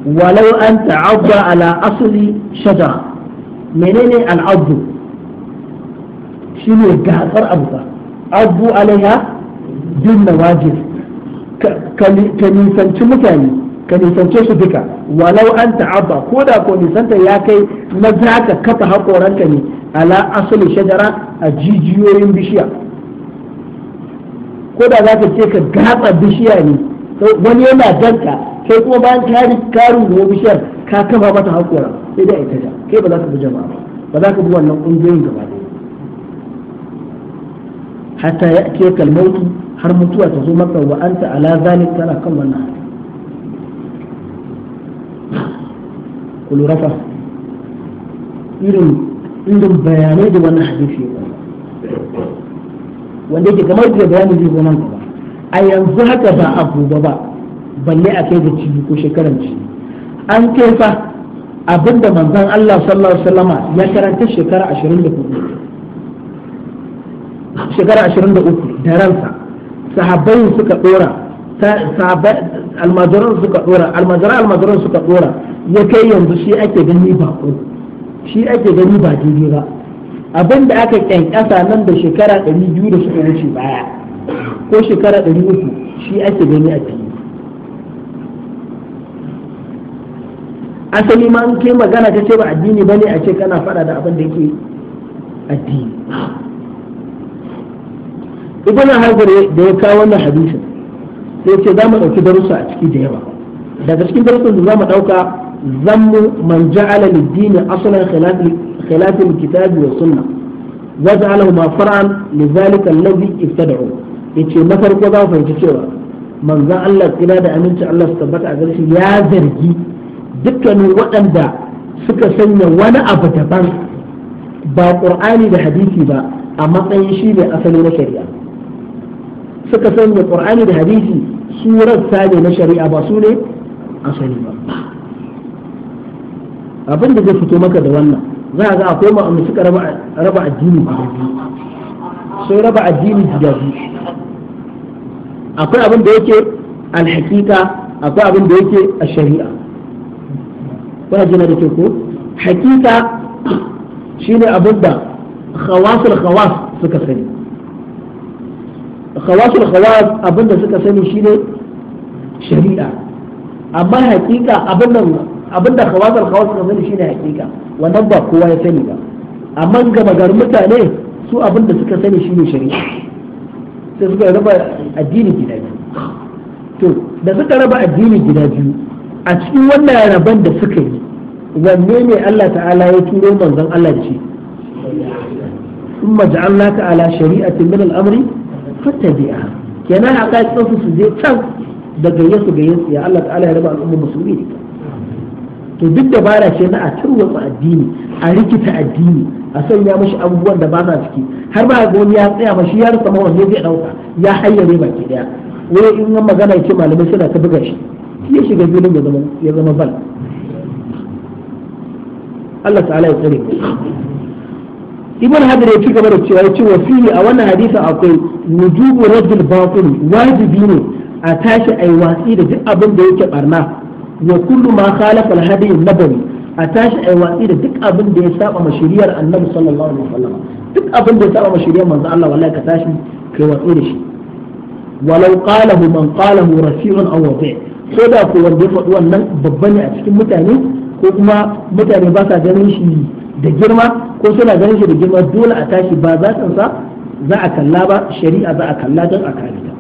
walau an ta'abba ala asali shajara menene al'abdu shi ne gasar ba abu alaiha bin na nawajir ka nisanci mutane ka nisance su duka walau an ta'abba ko da ko nisanta ya kai na za ka kafa haƙoranka ne ala asali shajara a jijiyoyin bishiya ko da za ka ce ka gatsa bishiya ne wani yana danka kai kuma bayan ka yi karin da bishiyar ka kafa mata hakora sai dai ita ja kai ba za ka bi jama'a ba za ka bi wannan ƙungiyoyin gaba ɗaya hatta ya ake kalmautu har mutuwa ta zo maka wa anta ala zalik kana kan wannan hali ku lura fa irin irin bayanai da wannan hadisi ya wanda yake kamar da bayanin zai zo nan gaba a yanzu haka ba a gobe ba balle a kai da cibi ko shekaran an kai fa abinda manzon Allah sallallahu alaihi wasallama ya karanta shekara 24 shekara 23 da ransa sahabbai suka dora almajiran suka dora almajiran almajiran suka dora ya kai yanzu shi ake gani ba ko shi ake gani ba daidai ba abinda aka kyankyasa nan da shekara 200 da suka wuce baya ko shekara ɗari uku shi ake gani a fili asali ma in kai magana ta ce ba addini ne a ce kana fada da abin da yake addini ibn hajar da ya kawo wannan hadisin sai ce za mu ɗauki darussa a ciki da yawa daga cikin darussan da za mu ɗauka zammu man ja'ala lid kitabi aslan sunna al-kitab wa sunnah وجعله ما فرعا ifta da yace na farko za ku fahimci cewa manzon Allah ina da aminci Allah su tabbata a garshi ya zargi dukkanin waɗanda suka sanya wani abu daban ba qur'ani da hadisi ba a matsayin shi ne asali na shari'a suka sanya qur'ani da hadisi su rassa ne na shari'a ba su ne asali ba abin da zai fito maka da wannan za a ga akwai ma'amu suka raba addini guda biyu sun raba addini guda biyu akwai abin da yake alhakika akwai abin da yake a shari'a kuna jina da ke ko hakika ne abin da khawasul khawas suka sani khawasul khawas abin da suka sani ne shari'a amma hakika abin da khawasul khawas suka sani shi ne hakika wannan ba kowa ya sani ba amma ga magar mutane su abin da suka sani shi ne shari'a da suka raba addini gida biyu to da suka raba addini gida biyu a cikin wannan raban da suka yi wanne ne Allah ta'ala ya turo manzon Allah ce ثم جعلناك على شريعة من الأمر فاتبعها كنا حقائق su زي تن da gayyasu gayyasu ya Allah ta'ala ya raba al'ummar musulmi ne to duk dabara ce na a tarwatsa addini a rikita addini a sanya mashi abubuwan da ba sa ciki har ba ga ya tsaya mashi ya rasa ma ne zai dauka ya hayyare baki daya wai in wani magana yake malamai suna ta buga shi ya shiga filin ya zama ya bal Allah ta'ala ya tsare Ibn Hajar ya ci gaba da cewa ya ce wa fili a wannan hadisi akwai wujubu rajul batil wajibi ne a tashi ai watsi da duk abin da yake barna wa kullu ma khalafa al-hadi nabawi a tashi ai watsi da duk abin da ya saba ma shiriyar annabi sallallahu alaihi wasallam duk abin da ya saba ma shiriyar manzo Allah wallahi ka tashi kai watsi da shi walau qalahu man qalahu rafi'un aw wadi ko da ko wanda ya faɗi wannan babba ne a cikin mutane ko kuma mutane ba sa ganin shi da girma ko suna ganin shi da girma dole a tashi ba za sa za a kalla ba shari'a za a kalla don a kare ta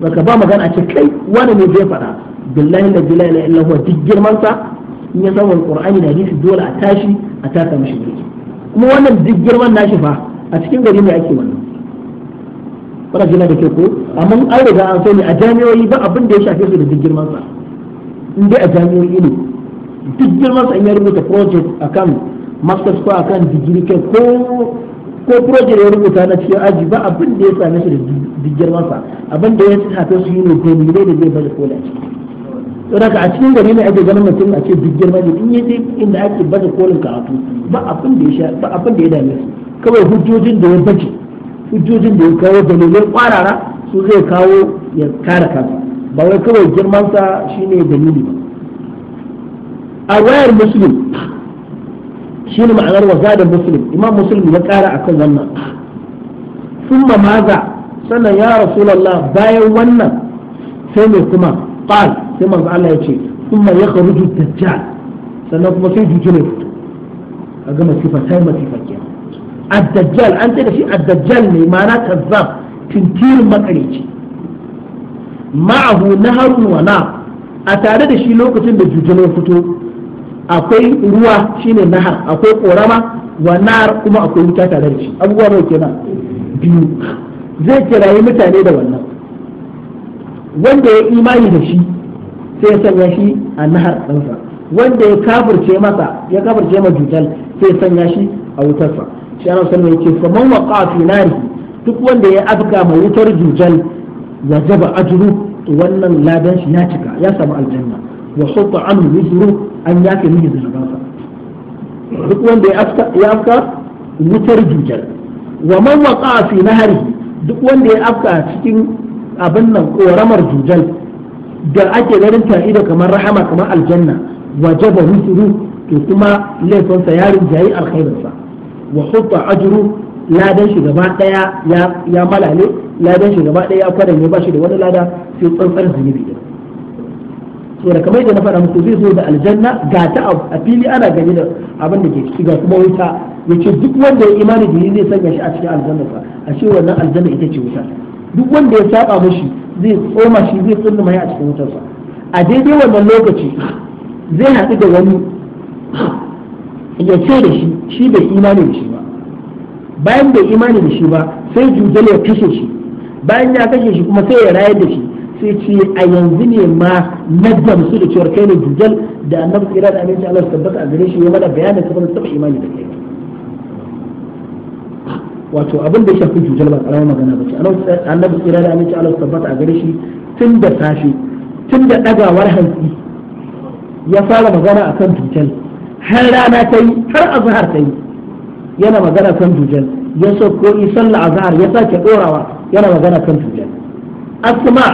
baka ba magana a ce kai wani ne zai faɗa billahi la ilaha illa huwa duk girman sa in ya samu alƙur'ani da hadisi dole a tashi a taka mishi mulki kuma wannan duk girman nashi fa a cikin gari ne ake wannan wannan jina da ke ko amma an riga an sani a jami'o'i ba abin da ya shafe su da duk girman sa in dai a jami'o'i ne duk girman sa in ya rubuta project akan masters ko akan digiri kai ko ko project ya rubuta na cikin aji ba abin da ya same su da duk girman sa abin da ya shafe su yi ne ko ne da zai bada kola ciki saboda a cikin gari ne ake ganin mutum a ce duk girma ne in yi inda ake baje kolin karatu ba abin da ya ba abin da ya dame su kawai hujjojin da ya baje hujjojin da ya kawo dalilai kwarara su zai kawo ya kare kansa ba wai kawai girman sa shine dalili ba a wayar muslim shine ma'anar wazadar muslim imam muslim ya kara akan wannan thumma maza sannan ya rasulullah bayan wannan sai mai kuma قال sai قال Allah yace kuma ya الدجال سنه sannan kuma sai dujjal ya fito kaga masifa sai masifa kenan ad-dajjal an ce da shi ad-dajjal ne ma'ana kazzab tintirin makarici ma'ahu naharun wa na a tare da shi lokacin da dujjal fito akwai ruwa shine nahar akwai korama wa kuma akwai wuta tare da shi abubuwa ne kenan biyu zai kirayi mutane da wannan wanda ya imani da shi sai ya sanya shi a nahar ɗansa wanda ya kafirce masa ya kafirce ma jujal sai ya sanya shi a wutarsa shi ana sanya ya ce saman wa waqa fi nari duk wanda ya afka ma wutar jujal wajaba ajru wannan ladan shi ya cika ya samu aljanna wa hutta anhu wizru an yafe ba sa, duk wanda ya afka wutar jujal wa man wa fi nahri duk wanda ya afka cikin abin nan ƙoramar jujal da ake ganin ta ido kamar rahama kamar aljanna wajaba wuturu to kuma laifinsa ya rinjayi alkhairinsa wa hutta ajru ladan shi gaba daya ya malale ladan shi gaba daya kwadan ya bashi da wani lada sai tsantsar zunubi din so da kamar yadda na faɗa muku zai zo da aljanna ga ta a fili ana gani da abin da ke ciki ga kuma wuta yace duk wanda ya imani da ni zai sanya shi a cikin aljanna fa a ce wannan aljanna ita ce wuta duk wanda ya saba mashi zai tsoma shi zai tsundu mai a cikin wutarsa a daidai wannan lokaci zai haɗu da wani ya ce da shi shi bai imani da shi ba bayan bai imani da shi ba sai jujjal ya kashe shi bayan ya kashe shi kuma sai ya rayar da shi sai ce a yanzu ne ma na gamsu da cewar kai ne jujjal da annabi tsira da aminci Allah su tabbata a gare shi ya mana bayanin saboda taba imani da kai wato abin da ya shafi cutar ba karamar magana ba ce annabi tsira da aminci Allah tabbata a gare shi tun da safe tun da dagawar hantsi ya fara magana a kan cutar har rana ta yi har azhar ta yi yana magana kan cutar ya sauko yi sallah azhar ya sake dorawa yana magana kan cutar asma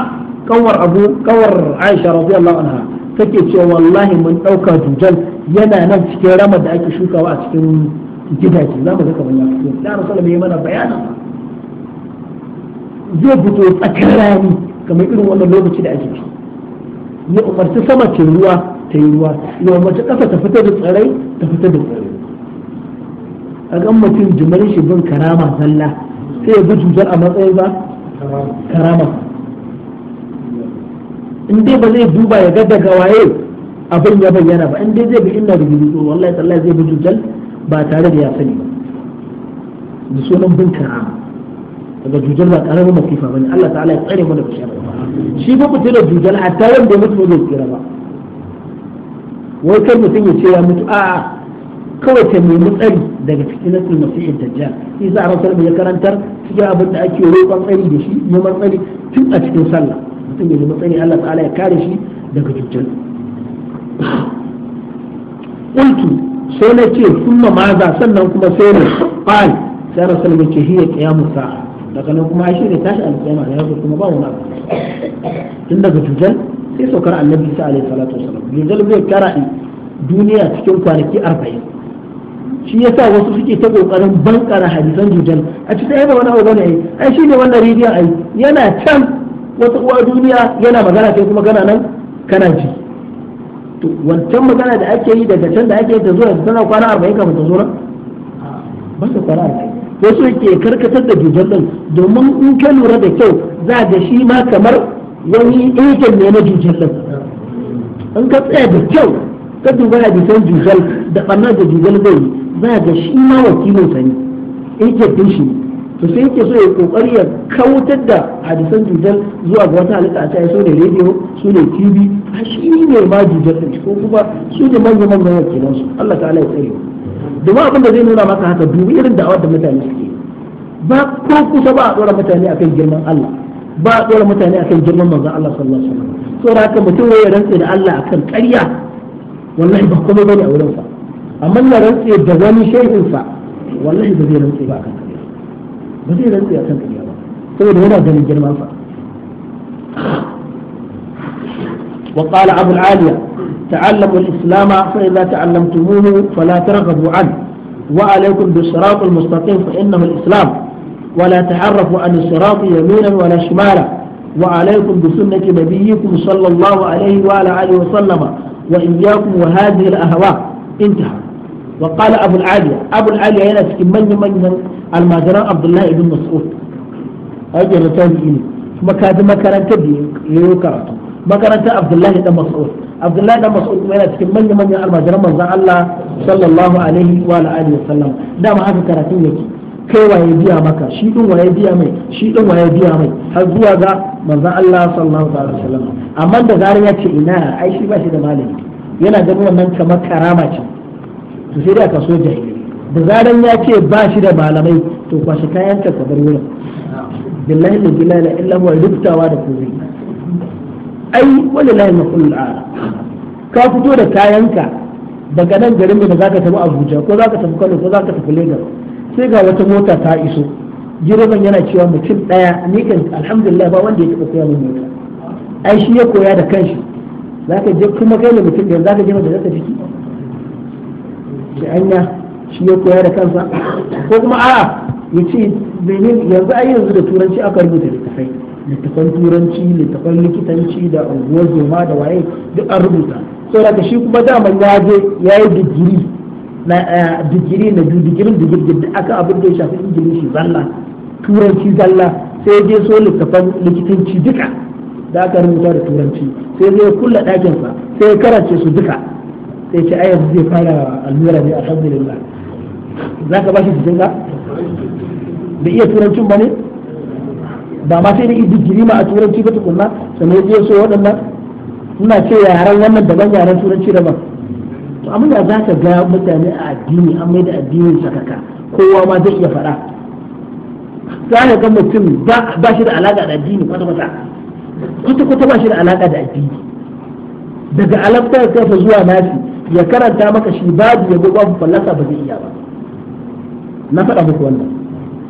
kawar abu kawar aisha radiyallahu anha take cewa wallahi mun dauka cutar yana nan cikin ramar da ake shukawa a cikin gidaje za mu ga kamar ya fito da rasul ya mana bayanin zai fito tsakar rani kamar irin wannan lokaci da ake ciki ya umarci sama ce ruwa ta yi ruwa ya umarci ƙasa ta fitar da tsarai ta fitar da tsarai a gan mutum jimar shi bin karama zalla sai ya bi jujar a matsayin ba karama in dai ba zai duba ya ga daga waye abin ya bayyana ba in dai zai bi inna da gizo wallahi tallahi zai bi jujar ba tare da ya sani ba da sunan bin karama daga jujal ba karamin masifa bane Allah ta'ala ya tsare mana bishara shi ba mutu da jujal a wanda da mutu zai tsira ba wai kar mutum ya ce ya mutu a'a kawai ta nemi tsari daga fitinatul masih dajjal shi za a rasar ya karantar cikin abin da ake roƙon tsari da shi neman tsari tun a cikin sallah mutum ya nemi tsari Allah ta'ala ya kare shi daga jujal qultu sai na ce ma maza sannan kuma sai ne qal sai rasul ya ce hiya qiyamu sa'a daga nan kuma shi ne tashi alƙiyama da yau kuma ba wani tun daga jujal sai saukar annabi isa alaihi salatu wasallam jujal zai kara'i duniya cikin kwanaki arba'in shi yasa wasu suke ta kokarin bankara hadisan jujal a ci sai ba wani abu bane ai shi ne wannan rediyon ai yana can wata uwa duniya yana magana sai kuma kana nan kana ji wancan magana da ake yi daga can da ake yi ta zuwa tana kwana arba'in kafin ta zo nan ba ta kwana arba'in su ke karkatar da dubban din domin in ka lura da kyau za ga shi ma kamar wani ejen ne na dubban din in ka tsaya da kyau ka duba hadisan dubban da ɓannar da dubban zai yi za ga shi ma wakilin sani ejen din shi to sai yake so ya kokari ya kautar da hadisan jujal zuwa ga wata halitta a cikin sune radio rediyo tv a shi ne ma jujal din ko kuma su ne manyan manyan wakilan su Allah ta'ala ya tsare domin abin da zai nuna maka haka dubi irin da'awar da mutane suke ba ko kusa ba a dora mutane akan girman Allah ba a dora mutane akan girman manzon Allah sallallahu alaihi wasallam saboda haka mutum ya rantsa da Allah akan ƙarya wallahi ba komai bane a wurin sa amma ya rantsa da wani fa wallahi ba zai rantsa ba akan ba zai rantsi a kan ƙarya ba saboda yana ganin girman sa wa qala abu aliya ta'allamu al-islam fa idza ta'allamtumuhu fala targhabu an wa alaykum bis-sirat al-mustaqim fa innahu al-islam ولا تحرفوا عن الصراط يمينا ولا شمالا وعليكم بسنة نبيكم صلى الله عليه وعلى آله وسلم وإياكم وهذه الأهواء انتهى wa abul aliya abul aliya yana cikin manyan manyan almajiran abdullahi ibn mas'ud ake da tabi'i ne kuma ka ji makarantar da yayi karatu makarantar abdullahi dan mas'ud abdullahi dan mas'ud kuma yana cikin manyan manyan almajiran manzon Allah sallallahu alaihi wa alihi wa sallam dama haka karatun yake kai waye biya maka shi din waye biya mai shi din waye biya mai har zuwa ga manzon Allah sallallahu alaihi amma da zarar ya ce ina ai shi da malami yana ganin wannan kamar karama ce to sai dai ka so jahili da zaran ya ce ba shi da malamai to kwashi kayan ka bar wurin billahi la ilaha illa huwa rubtawa da komai ai wallahi maqul ala ka fito da ka daga nan garin da zaka tafi Abuja ko zaka tafi Kano ko zaka tafi Lagos sai ga wata mota ta iso direban yana cewa mutum daya ni kan alhamdulillah ba wanda ya taba koya min mota ai shi ya koya da kanshi zaka je kuma kai ne mutum da zaka je da zaka ciki da anya shi ya koya da kansa ko kuma a'a ya ce benin yanzu ai yanzu da turanci aka rubuta littafai littafan turanci littafan likitanci da unguwar zoma da waye duk an rubuta so da shi kuma daman ya je ya yi digiri na eh, digiri na biyu digirin digirgir aka abin da ya shafi ingilishi zalla turanci zalla sai je so littafan likitanci duka da aka rubuta da turanci sai zai kulla ɗakinsa sai ya karance su duka sai ce ayyar zai fara allura ne alhamdulillah za ka ba shi jikin ba bai iya turancin ba ne ba ma sai da digiri ma a turanci ba tukunna sannan ya so waɗannan ina ce yaran wannan daban yaran turanci daban to amma ya za ka ga mutane a addini an mai da addinin sakaka kowa ma zai iya faɗa za ka ga mutum ba shi da alaƙa da addini kwata-kwata kwata-kwata ba shi da alaƙa da addini daga alaƙa kafa zuwa nasi ya karanta maka shi babu ya babu fallasa ba zai iya ba na faɗa muku wannan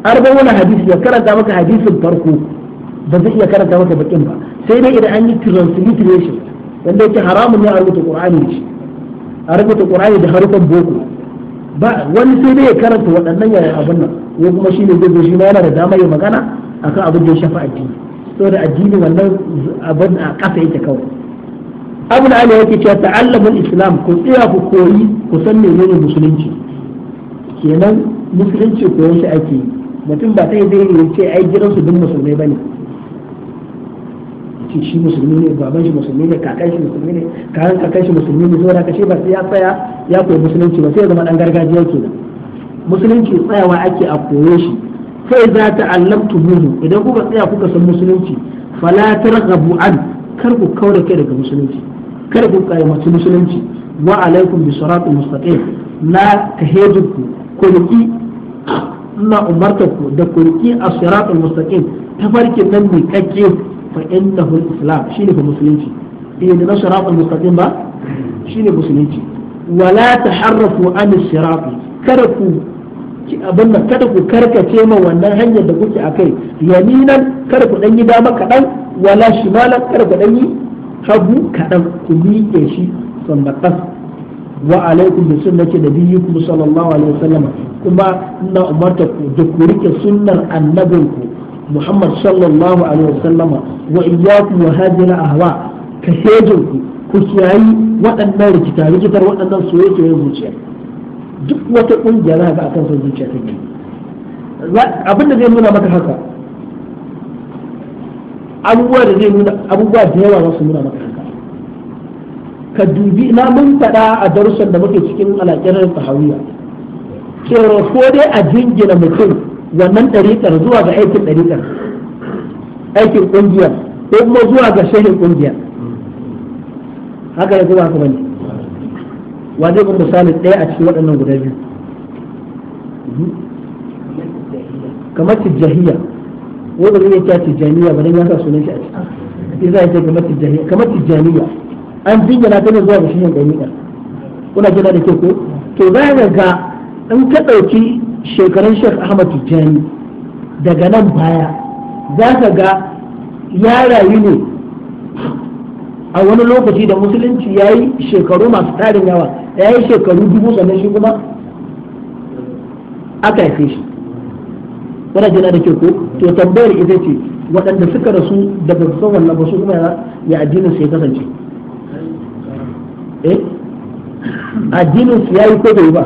arba'una hadisi ya karanta maka hadisin farko ba zai iya karanta maka bakin ba sai dai idan an yi transliteration wanda yake haramun ne a rubuta qur'ani shi a rubuta qur'ani da harufan boko ba wani sai dai ya karanta waɗannan ya abin nan ko kuma shine zai zo shi ma yana da dama ya magana akan abin da ya shafa addini saboda addini wannan abin a ƙasa yake kawai abu da yake cewa ta'allabul islam ku tsaya ku koyi ku san menene musulunci kenan musulunci koyon shi ake mutum ba yi zai yi ce ai su duk musulmai ne ce shi musulmi ne baban shi musulmi ne kakan shi musulmi ne kakan kakan shi musulmi ne saboda kashe ba sai ya tsaya ya koyi musulunci ba sai ya zama dan gargajiya nan musulunci tsayawa ake a koyo shi sai za ta allabtu muhu idan kuka tsaya kuka san musulunci fala targhabu an kar ku kaura kai daga musulunci kada ku kayyamaci musulunci wa alaikum bi siratil mustaqim na tahajjuku ku riki ina umartaku da ku riki as-siratal mustaqim tafarkin nan mai kakke fa innahu islam shine fa musulunci eh na siratal mustaqim ba shine musulunci wala taharrafu an sirat kada ku abin nan kada ku karkace ma wannan hanyar da kuke akai yaminan kada ku dan yi dama kadan wala shimalan kada ku dan yi hagu kaɗan ku miƙe shi sambatan wa alaikum bi sunnati kuma sallallahu alaihi wasallam kuma ina umarta ku da ku rike sunnar annabinku Muhammad sallallahu alaihi wasallam wa iyyakum wa hadhihi ahwa ka ku ku kiyayi waɗannan rikita rikitar waɗannan soyayya soyayya zuciya duk wata ƙungiya za ka ga akan son zuciya take abin da zai nuna maka haka abubuwa da zai nuna abubuwa da yawa za su nuna maka haka ka dubi na mun faɗa a darussan da muke cikin alaƙirar tahawiyya cewa ko dai a jingina mutum wannan ɗariƙar zuwa ga aikin ɗariƙar aikin ƙungiyar ko kuma zuwa ga shahin ƙungiyar haka ya zuwa haka bane wa zai kuma misali ɗaya a cikin waɗannan guda biyu kamar tijjahiyya wai ba zai kya cewa tijjaniya ba dan ya sa sunan shi a ciki za a ce kamar tijjaniya kamar tijjaniya an jingina ta tana zuwa ga shehin ɗariƙa kuna jira da ke ko to za ka ga in ka ɗauki shekarun sheikh ahmad tijjani daga nan baya za ka ga ya rayu ne a wani lokaci da musulunci ya yi shekaru masu tarin yawa ya yi shekaru dubu sannan shi kuma aka haife shi kuna jira da ke ko to tambayar ita ce waɗanda suka rasu da ba su san ba su kuma ya addinin su ya kasance eh addinin su yayi ko bai ba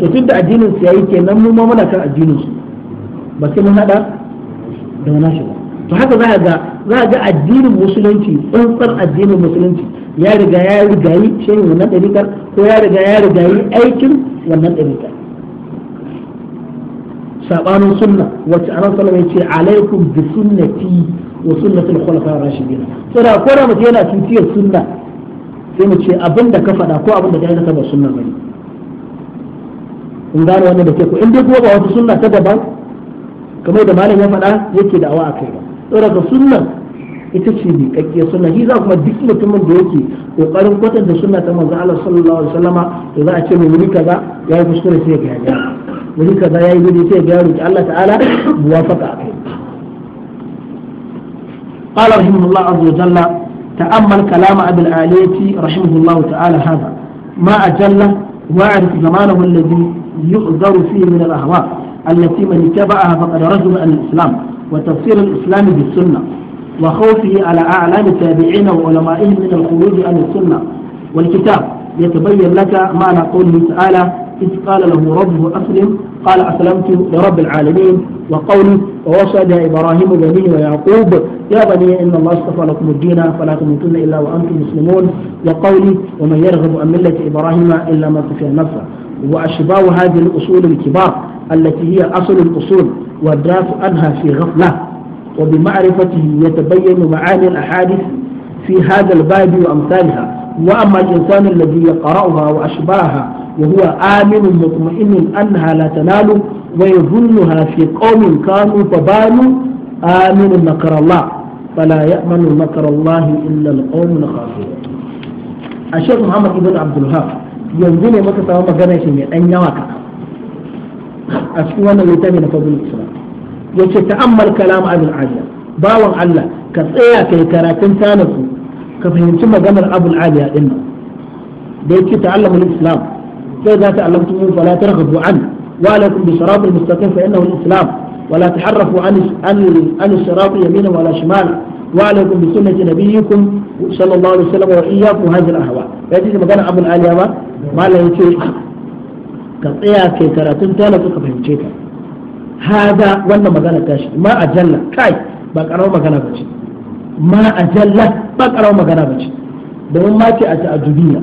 to tunda addinin su yayi kenan mu ma muna kan addinin su ba sai mun hada da wani shi to haka za ga za ga addinin musulunci tsantsar addinin musulunci ya riga ya rigayi shehu wannan ɗarikar ko ya riga ya rigayi aikin wannan ɗarikar sabanin sunna wacce anan sallama ya ce alaikum bi sunnati wa sunnatul khulafa rashidin to da ko da mutum yana tutiyar sunna sai mu ce abin da ka faɗa ko abin da ka aikata ba sunna bane in gane wannan da ke ko in dai kuma ba wata sunna ta daban kamar da malam ya faɗa yake da awa akai ba to daga sunna ita ce bi kakkiyar sunna shi za kuma duk mutumin da yake kokarin kwatanta sunna ta manzo Allah sallallahu alaihi wasallama to za a ce mai wuri kaza yayi kuskure sai ya ga wuri kaza yayi gudu sai ga roki Allah ta'ala muwafaqa قال رحمه الله عز وجل تأمل كلام أبي العالية رحمه الله تعالى هذا ما أجله واعرف زمانه الذي يؤذر فيه من الأهواء التي من اتبعها فقد رجل عن الإسلام وتفسير الإسلام بالسنة وخوفه على أعلام التابعين وعلمائهم من الخروج عن السنة والكتاب يتبين لك ما نقوله تعالى إذ قال له ربه أسلم قال أسلمت لرب العالمين وقوله ووصى إبراهيم بنيه ويعقوب يا بني إن الله اصطفى لكم الدين فلا تموتن إلا وأنتم مسلمون وقوله ومن يرغب عن ملة إبراهيم إلا من سفه نفسه وأشباه هذه الأصول الكبار التي هي أصل الأصول والدافع عنها في غفلة وبمعرفته يتبين معاني الأحاديث في هذا الباب وأمثالها وأما الإنسان الذي يقرأها وأشباهها وهو آمن مطمئن أنها لا تنال ويظنها في قوم كانوا فبانوا آمن مكر الله فلا يأمن مكر الله إلا القوم الخاسرون الشيخ محمد بن عبد الوهاب yanzu ne muka samu magana shi mai dan yawa ka a cikin wannan littafi na fadul islam yace ta'ammal kalam abul aliya bawan Allah ka tsaya kai karatun tanasu ka fahimci maganar abul aliya din nan da yake ta'allamul islam فإذا تألمتموه فلا ترغبوا عنه وعليكم بصراط المستقيم فإنه الإسلام ولا تحرفوا عن عن الصراط يمينا ولا شمالا وعليكم بسنة نبيكم صلى الله عليه وسلم وإياكم هذه الأهواء فإذا كان أبو العالية ما لا كطيعك ترى تنتهي لك قبل جيتك هذا وانا ما قالت ما أجل كاي بقى رو ما قالت ما أجل بقى رو ما قالت بمماتي أتأجبين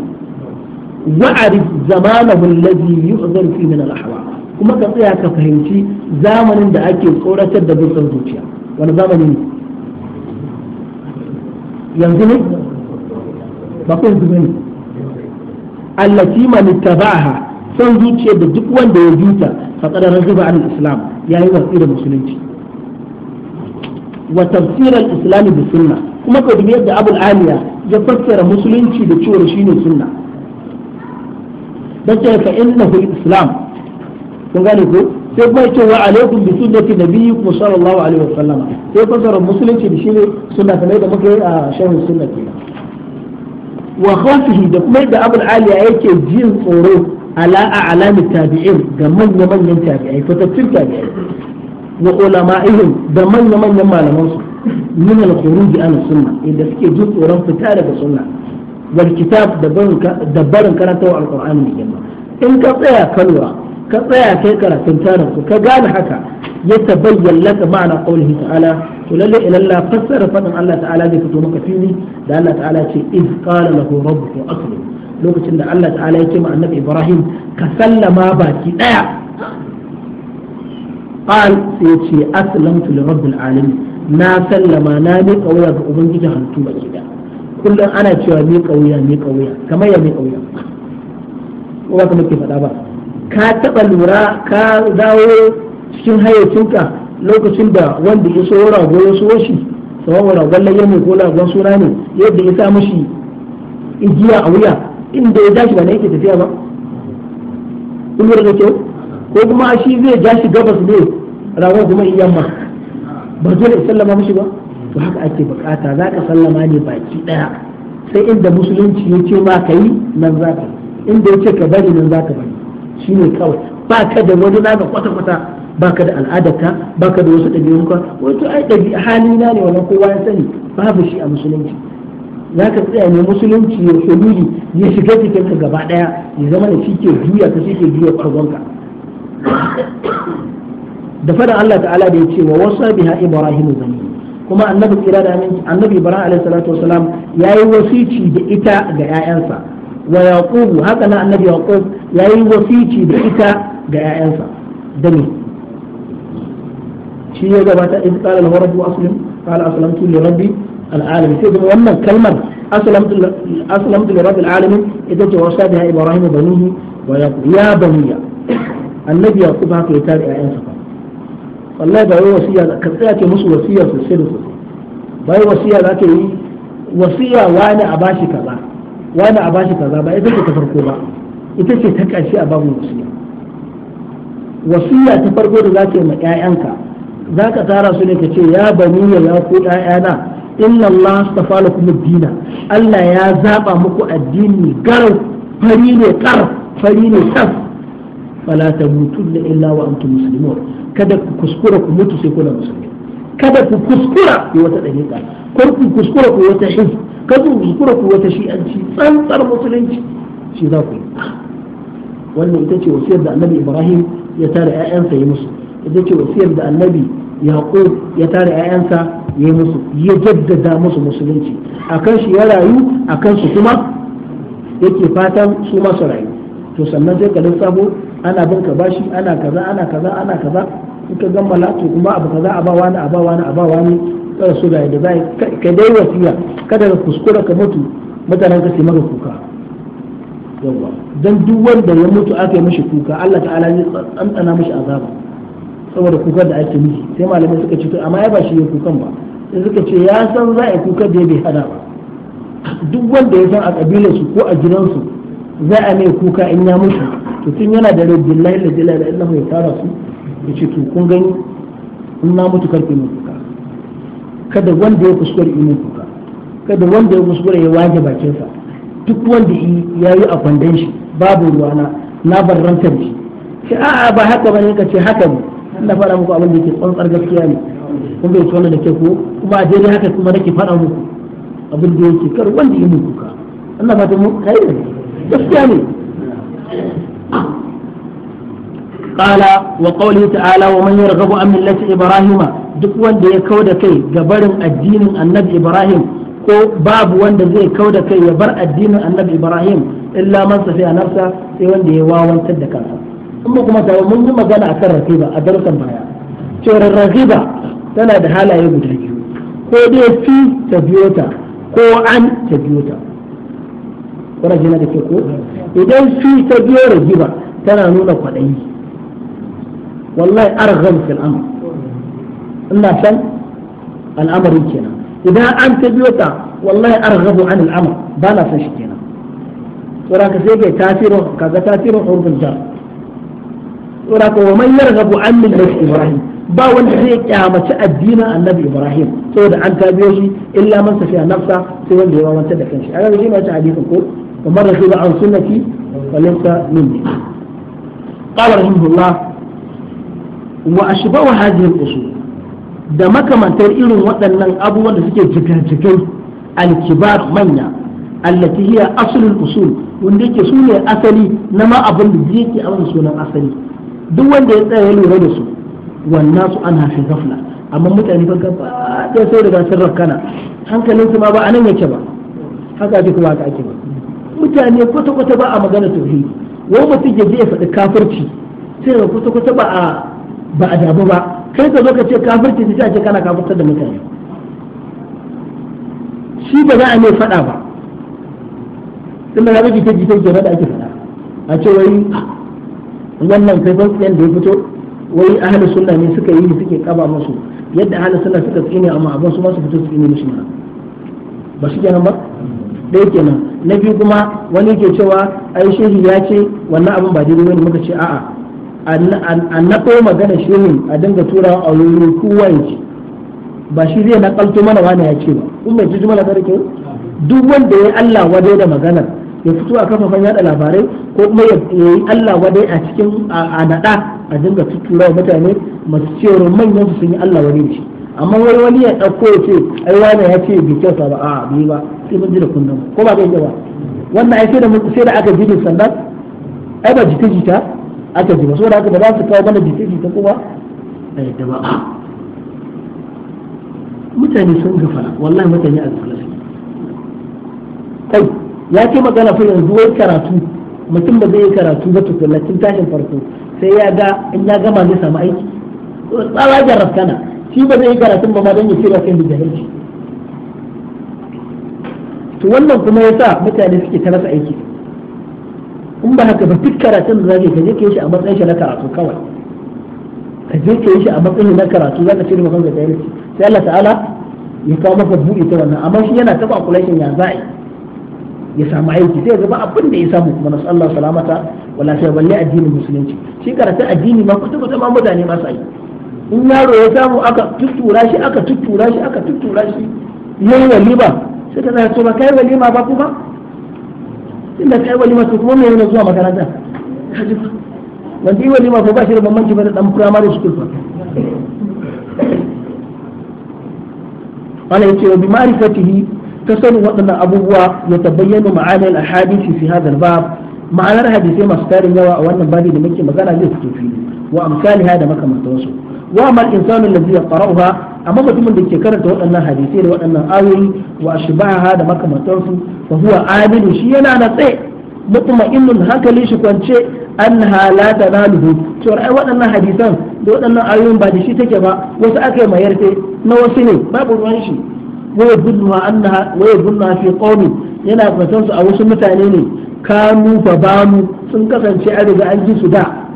wa'arif zamanahu alladhi yu'zaru fi min al-ahwa kuma ka tsaya ka fahimci zamanin da ake tsoratar da bin zuciya wani zamani ne yanzu ne ba ku yanzu ne allati man ittabaha son zuciya da duk wanda ya juta faqad raziba an islam yayi watsi da musulunci wa tafsir al-islam bi sunna kuma ka dubi yadda abul aliya ya fassara musulunci da cewa shine sunna bace ce fa innahu islam kun gane ko sai kuma ce wa alaikum bi sunnati nabiyyikum sallallahu alaihi wa sallama sai fasarar musulunci da shine sunna kamar da muka yi a sharhin sunna kenan wa khawfihi da kuma da abul aliya yake jin tsoro ala a'lami tabi'in ga manya manyan tabi'ai fatattun tabi'ai wa ulama'ihim da manya manyan malaman su min al-khuruj an sunna inda suke jin tsoron fita daga sunna wal kitab da barin karantawa alqur'ani mai girma in ka tsaya kalwa ka tsaya kai karatun tarin ku ka gane haka ya tabayyan laka ma'ana qawlihi ta'ala to lalle ila Allah fassara faɗin Allah ta'ala zai fito maka fili da Allah ta'ala ce iz qala lahu rabbuhu aslim lokacin da Allah ta'ala yake ma annabi Ibrahim ka sallama baki ɗaya qal sai ce aslamtu rabbil alamin na sallama na miƙa wuya ga ubangijin halittu baki daya kullum ana cewa mai kauya mai kauya kamar ya mai kauya ko ba ka muke faɗa ba ka taɓa lura ka dawo cikin hayyacinka lokacin da wanda ya so rago ya so shi tsawon ragon laye ne ko ragon suna ne yadda ya sa mashi igiya a wuya inda ya dashi ba na yake tafiya ba kun da kyau ko kuma shi zai ja shi gabas ne ragon kuma in yamma ba dole sallama mashi ba to haka ake bukata za ka sallama ne baki daya sai inda musulunci ya ce ma ka yi nan za ka inda ya ce ka bari nan za ka bari shi ne kawai ba ka da wani naka kwata-kwata ba ka da al'adarka ba ka da wasu ɗabi'unka wato ai ɗabi hali na ne wannan kowa ya sani babu shi a musulunci za ka tsaya ne musulunci ya hululi ya shiga cikinka gaba ɗaya ya zama da shi ke juya ka shi ke juya ƙwargonka da faɗin Allah ta'ala da ya ce wa wasa biha Ibrahim zama kuma annabi kira da aminci annabi ibrahim alaihi salatu wasalam yayi wasici da ita ga ƴaƴansa wa yaqub haka nan annabi yaqub yayi wasici da ita ga ƴaƴansa da ni shi ya gabata in qala lahu rabbu aslim qala aslamtu li rabbi sai سيدنا wannan kalmar aslamtu aslamtu li rabbil alamin ita ce wasa da ibrahim banihi wa yaqub ya baniya annabi yaqub haka ya tare ƴaƴansa wallahi ba wai wasiya ka tsaya ke musu wasiya sosai da sosai ba wai wasiya za ka yi wasiya wani a bashi kaza wani a bashi kaza ba ita ce ta farko ba ita ce ta ƙarshe a babu wasiya wasiya ta farko da za ka yi ma 'ya'yanka za ka tara su ne ka ce ya bani ya ku 'ya'yana inna Allah astafa lakum ad-dina Allah ya zaba muku addini garau fari ne kar fari ne saf fala tamutunna illa wa antum kada ku kuskura ku mutu sai kuna musulmi kada ku kuskura ku wata dariƙa kar ku kuskura ku wata hizb kada ku kuskura ku wata shi'anci tsantsar musulunci shi za ku yi wannan ita ce wasiyar da annabi ibrahim ya tare ƴaƴansa ya musu ita ce wasiyar da annabi yaqub ya tare ƴaƴansa ya musu ya jaddada musu musulunci akan shi ya rayu akan su kuma yake fatan su masu rayu to sannan sai ka sabo. ana bin ka bashi ana kaza ana kaza ana kaza ka gammala to kuma abu kaza a bawa ni a bawa ni a bawa ni kada su ga yadda zai ka dai wasiya kada ka kuskura ka mutu mutanen ka sai maka kuka yawa dan duk wanda ya mutu aka yi mishi kuka Allah ta'ala zai tsantsana mishi azaba saboda kuka da ake miki sai malamai suka ce to amma ya ba shi kukan ba sai suka ce ya san za a yi da ya bai hada ba duk wanda ya san a kabilar su ko a gidansu za a mai kuka in ya mutu to tun yana da rai billahi la jalla da illahu ya tara su ya ce to kun gani in na mutu karfe mun kuka kada wanda ya kuskure yi mun kuka kada wanda ya kuskure ya waje sa duk wanda ya yi a kwandon shi babu ruwana na bar rantar shi ce a a ba haka bane ka ce haka ne ina fara muku abin da ke tsantsar gaskiya ne kun bai tsola da ke ko kuma a ne haka kuma nake fara muku abin da yake kar wanda yi mun kuka ina fata mu kai gaskiya ne قال وقوله تعالى ومن يرغب عن ملة إبراهيم duk wanda ya kau da kai ga barin addinin annabi ibrahim ko babu wanda zai kau da kai ya bar addinin annabi ibrahim illa man safiya nafsa sai wanda ya wawantar da kansa in ba kuma tawo mun yi magana akan rakiba a darussan baya cewar rakiba tana da halaye guda biyu ko dai fi ta biyo ta ko an ta biyo ta da ke ko idan fi ta biyo rakiba tana nuna kwaɗayi wallahi argham fil amr ina san al'amari kenan idan an ta biyo ta wallahi arghabu an ba san shi kenan tsora ka sai kai tasirin kaga tasirin hurufin jar tsora ka wa man yarghabu an ibrahim ba wanda zai kyamaci addinin annabi ibrahim saboda an ta shi illa man safiya nafsa sai wanda ya wawantar da kanshi a shi ne ko kamar rasulu an sunnati walaysa minni wa ashbahu hadhihi al da makamantar irin waɗannan abubuwan da suke jigajigai al-kibar manya allati hiya aslul usul wanda yake su ne asali na ma abin da yake a sunan asali duk wanda ya tsaya ya lura da su wannan su ana hafi gafla amma mutane ba gaba ɗaya sai daga sun rakkana hankalin su ma ba anan yake ba haka ake kuma haka ake ba mutane kwata-kwata ba a magana tauhidi wani mutum ya je ya faɗi kafirci sai daga kwata-kwata ba a ba a damu ba kai ka zo ka ce kafirci ta ce kana kafirtar da mutane shi ba za a mai faɗa ba tunda na rage kaji kai ba da ake faɗa a ce wai ah, wannan kai fansiyan da ya fito wai ahalus sunna ne suka yi suke kaba musu yadda ahalus sunna suka tsine amma abin su ma su fito su tsine mishi mana ba shi kenan ba da yake nan na biyu kuma wani ke cewa ai shehi ya ce wannan abin ba daidai ne muka ce a'a a naɗo magana shirin a dinga tura a wuri kowai ya ce ba shi zai naƙalto mana wani ya ce ba kun mai ji jimala sarki duk wanda ya Allah wadai da maganar ya fito a kafafen yada labarai ko kuma ya yi Allah wadai a cikin a naɗa a dinga wa mutane masu cewar manyan su sun yi Allah wadai ce amma wani wani ya ɗauko ya ce ai wani ya ce bai kyauta ba a bi ba sai mun ji da kundin ko ba bai ba wannan ai sai da aka ji da sannan ai ba jita jita aka ji so da haka ba za su kawo mana jita ta kuma a yadda ba mutane sun gafara wallahi mutane a gafara kai ya ce magana fa yanzu wai karatu mutum ba zai yi karatu ba tukunna tun tashin farko sai ya ga in ya gama zai samu aiki tsara jarrafkana shi ba zai yi karatun ba ma don ya ba kan da jahilci to wannan kuma ya sa mutane suke ta rasa aiki in ba haka ba duk karatun da zaka ka yi shi a matsayin shi na karatu kawai ka je ka yi shi a matsayin na karatu zaka cire maka ga dalili sai Allah ta'ala ya kawo maka buɗe ta wannan amma shi yana taba kulashin ya za'i ya samu aiki sai ya ba abin da ya samu kuma nasu Allah salamata wala sai balle addinin musulunci shi karatun addini ma kuta kuta ma mutane ma sai in yaro ya samu aka tuttura shi aka tuttura shi aka tuttura shi yayin waliba sai ka zai to ba kai walima ba kuma inda da kai wani masu kuma mai yana zuwa makaranta wanda yi wani masu ba shi da bambanci ba da dan primary school fa wala yace bi ma'rifatihi ta sani waɗannan abubuwa ya bayyana ma'anar ahadisi fi hadal bab ma'anar hadisai masu tarin yawa a wannan babi da muke magana zai fito fili wa amsaliha da makamantansu wa mal insanu allazi a amma mutumin da ke karanta waɗannan hadisai da waɗannan ayoyi wa ashbaha da makamantansu fa aminu shi yana na tsaye mutma'innun hankali shi kwance annaha la tanaluhu to ai waɗannan hadisan da waɗannan ayoyin ba da shi take ba wasu aka yi mayar na wasu ne babu ruwan shi wa annaha wa yadunna fi qawmi yana fatan su a wasu mutane ne kanu fa bamu sun kasance a riga an ji su da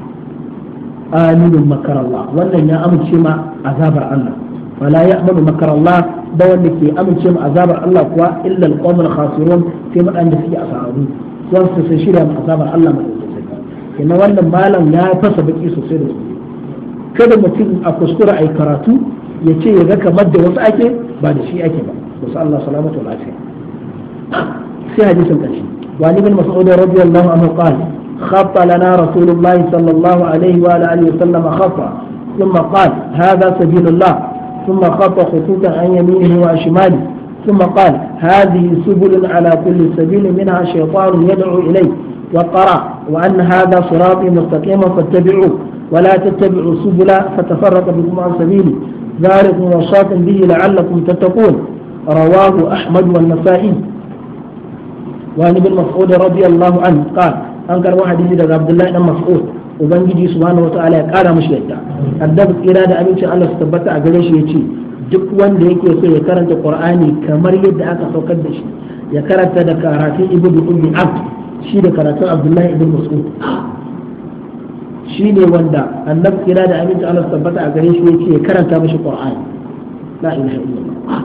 aminun makarallah wannan ya amince ma azabar Allah wala ya'manu makarallah ba wanda ke amince ma azabar Allah kuwa illa alqawmul khasirun sai da suke asaru wanda su shirya ma azabar Allah mai kenan wannan malam ya fasa baki sosai da sosai kada mutum a kuskura ai karatu ya ce ya ga kamar da wasu ake ba da shi ake ba wasu Allah salamatu wa lafiya sai bin mas'ud radiyallahu anhu qala خط لنا رسول الله صلى الله عليه وآله وسلم خطا ثم قال هذا سبيل الله ثم خط خطوطا عن يمينه وشماله ثم قال هذه سبل على كل سبيل منها شيطان يدعو إليه وقرأ وأن هذا صراطي مستقيما فاتبعوه ولا تتبعوا سبلا فتفرق بكم عن سبيلي ذلك وصاكم به لعلكم تتقون رواه أحمد والنسائي وعن ابن مسعود رضي الله عنه قال an karbo hadisi daga abdullahi dan mas'ud ubangiji subhanahu wataala ya kara mishi yadda addabu tsira da amincin Allah su tabbata a gare shi ya ce, duk wanda yake so ya karanta qur'ani kamar yadda aka saukar da shi ya karanta da karatun ibnu ummi abd shi da karatun abdullahi ibn mas'ud shi ne wanda annabi tsira da amincin Allah su tabbata a gare shi yace ya karanta mishi qur'ani la ilaha illallah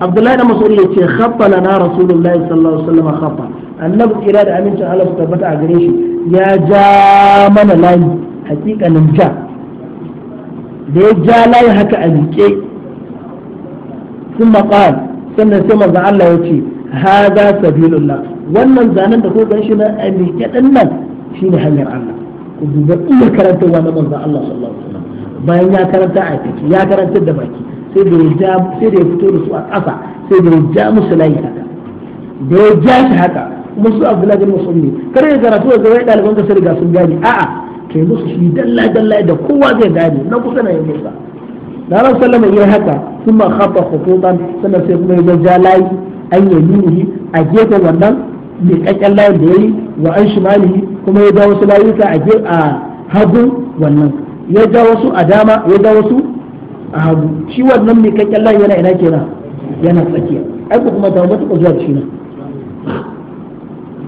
abdullahi da mas'ud yace khaffa lana rasulullahi sallallahu alaihi wasallam khaffa annabi tsira da amincin Allah su tabbata a gare shi ya ja mana layi hakikanin ja da ya ja layi haka a miƙe sun maƙal sannan sai manzo Allah ya ce haza sabilullah wannan zanen da ko shi na a miƙe din nan shine hanyar Allah ku duba iya karanta wa manzo Allah sallallahu alaihi wasallam bayan ya karanta a fiki ya karanta da baki sai da ya sai da ya fito da su a ƙasa sai da ya ja musu layi haka da ya ja shi haka musu abdullahi bin musulmi kare kar ya karatu ya wai ɗaliban ka sai sun gane a'a ke musu shi dalla dalla da kowa zai gani na kusa na yin musa da ran sallama yayi haka ma khaba khutuban sannan sai kuma ya ja layi an yi yaminihi a gefen wannan mai kakkan layin da yayi wa an shimalihi kuma ya ja wasu layuka a hagu wannan ya ja wasu a dama ya ja wasu a hagu shi wannan mai kakkan layin yana ina kenan yana tsakiya ai kuma ta mutu zuwa shi na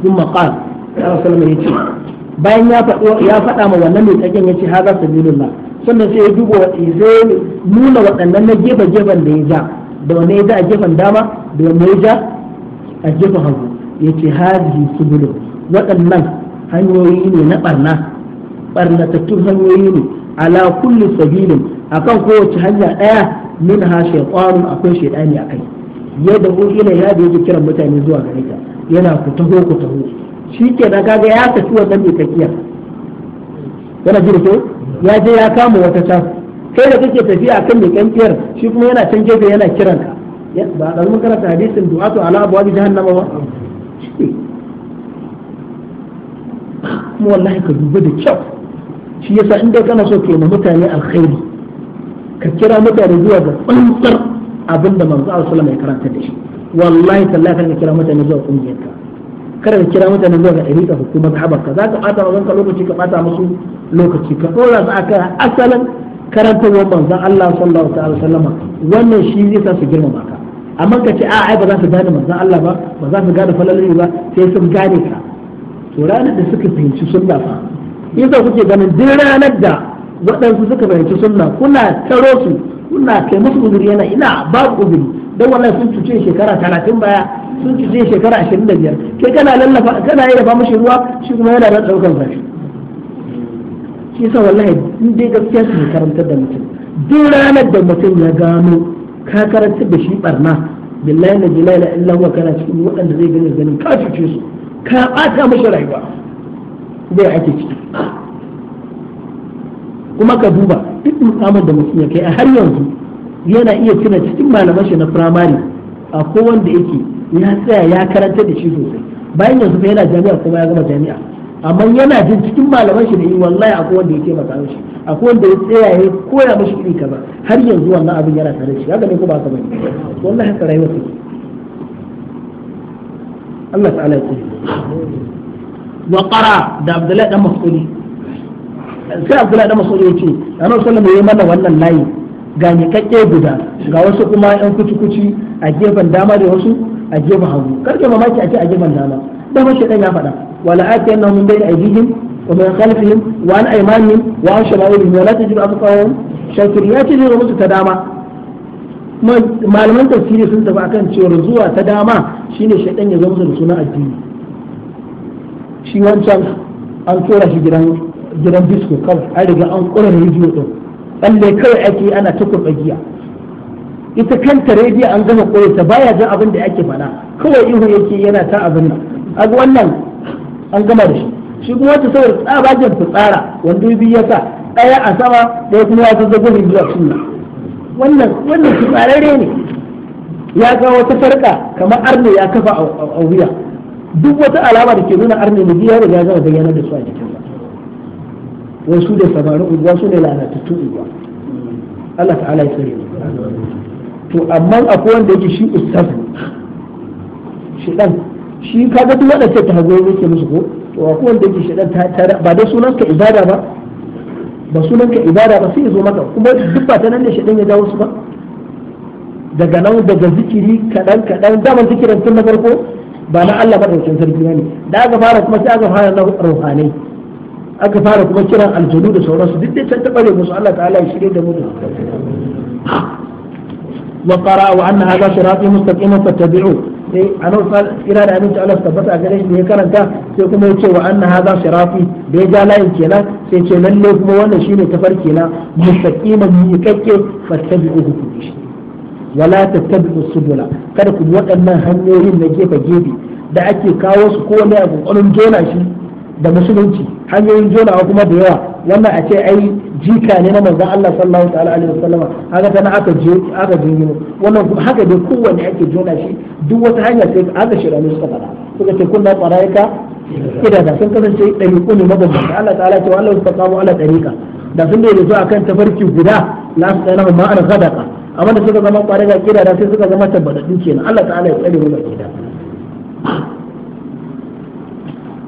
ثم قال رسول الله يجي bayan ya faɗa ma wannan mai tsagen ya ci haza sabilillah sannan sai ya duba zai nuna na gefe gefen da ya ja da wanne ya ja a gefen dama da wanne ya ja a gefen hagu ya ce hazi subulu waɗannan hanyoyi ne na ɓarna tun hanyoyi ne ala kulli sabilin akan kowace hanya ɗaya min ha shaytanun akwai shaytani akai yadda ko ila ya da yake kiran mutane zuwa gare yana ku taho ku taho shi ke na kaga ya tafi wannan mai tafiya yana ji ya je ya kama wata can kai da kake tafiya kan mai kankiyar shi kuma yana can gefe yana kiran ka ba a ɗan karanta hadisin du'atu ala abuwa jahannama ba kuma wallahi ka duba da kyau shi yasa inda kana so ke na mutane alkhairi ka kira mutane zuwa ga tsantsar abinda manzo Allah ya karanta da shi wallahi tallahi kan kira mutane zuwa kungiyarka kada ka kira mutane zuwa ga a hukumar haɓar ka za ka ɓata wa ka lokaci ka ɓata musu lokaci ka ɗora su akan asalin karantarwar manzan Allah sallallahu alaihi wasallama wannan shi zai sa su girmama ka amma ka ce a'a ba za su gane manzon Allah ba ba za su gane falalai ba sai sun gane ka to ranar da suka fahimci sunna fa yasa kuke ganin duk ranar da waɗansu suka fahimci sunna kuna taro su kuna kai musu uzuri yana ina babu uzuri dan wallahi sun cuce shekara talatin baya sun cuce shekara ashirin da biyar kai kana lallafa kana yaba mashi ruwa shi kuma yana da ɗaukar zafi shi sa wallahi in dai gaskiya su ne karantar da mutum duk ranar da mutum ya gano ka karantar da shi barna billahi na jila ila illa huwa kana cikin waɗanda zai gani ganin ka cuce su ka ɓata mashi rayuwa zai ake ciki kuma ka duba duk mukamin da mutum ya kai a har yanzu yana iya tuna cikin malaman shi na firamare a da yake ya tsaya ya karanta da shi sosai bayan yanzu fa yana jami'a kuma ya gama jami'a amma yana jin cikin malaman shi da yi eh, wallahi akwai wanda ya shi a akwai wanda ya tsaya ya koya mashi iri kaza har yanzu wannan abin yana tare da shi haka ne ko ba ka bane wallahi haka rayuwar take Allah ta'ala ya ce wa qara da Abdullahi dan Mas'udi sai Abdullahi dan Mas'udi yace Annabi sallallahu alaihi wasallam ya mana wannan layi ga nikakke guda ga wasu kuma yan kuci a gefen dama da wasu a gefen hagu karke mamaki a ce a gefen dama dama dan ya faɗa wala ake na mun bayna aidihim wa mai khalfihim wa an aimanin wa an shama'ilihim wa la tajidu asqahum shakir ya ce zai musu ta dama malaman tafsiri sun tafi akan cewa zuwa ta dama shine shaidan ya zo musu da sunan addini shi wancan an tura shi gidan gidan bisko kawai an riga an ƙura rijiyo din balle kawai ake ana ta kurɓa giya ita kanta rediyo an gama koyar ta baya jin abin da ake faɗa kawai ihu yake yana ta abin nan abu wannan an gama da shi shi kuma wata saboda tsabajin fitsara wanda biyu ya sa ɗaya a sama ɗaya kuma ya zazzago ne zuwa sunna wannan wannan fitsararre ne ya ga wata farka kamar arne ya kafa a wuya duk wata alama da ke nuna arne ne ya riga ya gama bayyana da su a jikin wasu da samarin unguwa su ne lalatattun unguwa Allah ta'ala ya tsare to amma akwai wanda yake shi ustaz shi dan shi kaga duk wanda ta hago yake musu ko to akwai wanda yake shi dan ba da sunan ka ibada ba ba sunan ka ibada ba sai zo maka kuma duk ba ta nan ne shi dan ya dawo su ba daga nan daga zikiri kaɗan kaɗan dama zikirin tun na farko ba na Allah madaukakin sarki ne da aka fara kuma sai aka fara na ruhanai aka fara kuma kiran aljanu da sauransu duk dai can ta bare musu Allah ta'ala ya shirye da mu wa qara wa anna hadha sirati mustaqiman fattabi'u sai eh, anan fal ira da abinci Allah tabbata a gare shi da ya karanta sai kuma ya ce wa anna hadha sirati da ya ja layin kenan sai ce lalle kuma wannan shine tafarki na mustaqiman miƙaƙƙe fattabi'u hukunci wala tattabi'u subula kada ku waɗannan hanyoyin na gefe gefe da ake kawo su ko kowane a ƙwarin jona shi da musulunci hanyoyin jonawa kuma da yawa wannan a ce ai jika ne na manzon Allah sallallahu ta'ala alaihi wasallam haka tana aka je aka jingino wannan haka dai kowanne ake jona shi duk wata hanya sai aka shirya ne suka fara suka ce kunna qaraika idada sun kasance ɗariƙu ne mabambanta Allah ta'ala ce wa Allah istaqamu ala ɗariƙa da sun daidaito akan tafarki guda la su tsanahu ma'an sadaka amma da suka zama ƙwarai ga kidada sai suka zama tabbadaddu kenan Allah ta'ala ya tsare mu ga kidada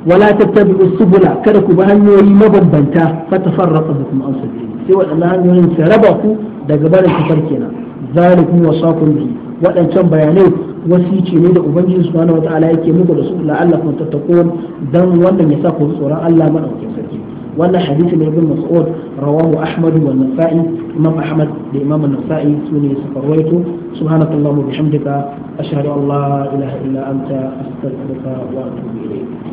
wala tattabi'u subula kada ku bi hanyoyi mabambanta fatafarraqu bikum an sabili sai waɗannan hanyoyin su ku daga barin kafar kenan zalikum wasa bi waɗancan bayanai wasici ne da ubangiji subhanahu wataala yake muku da su la'allakum tattaqun dan wannan ya sa ku tsoron Allah madaukakin sarki wannan hadisi ne ibn mas'ud rawahu ahmad wa nasa'i imam ahmad da imam nasa'i sune suka rawaito subhanakallahumma bihamdika ashhadu an la ilaha illa anta astaghfiruka wa atubu ilayk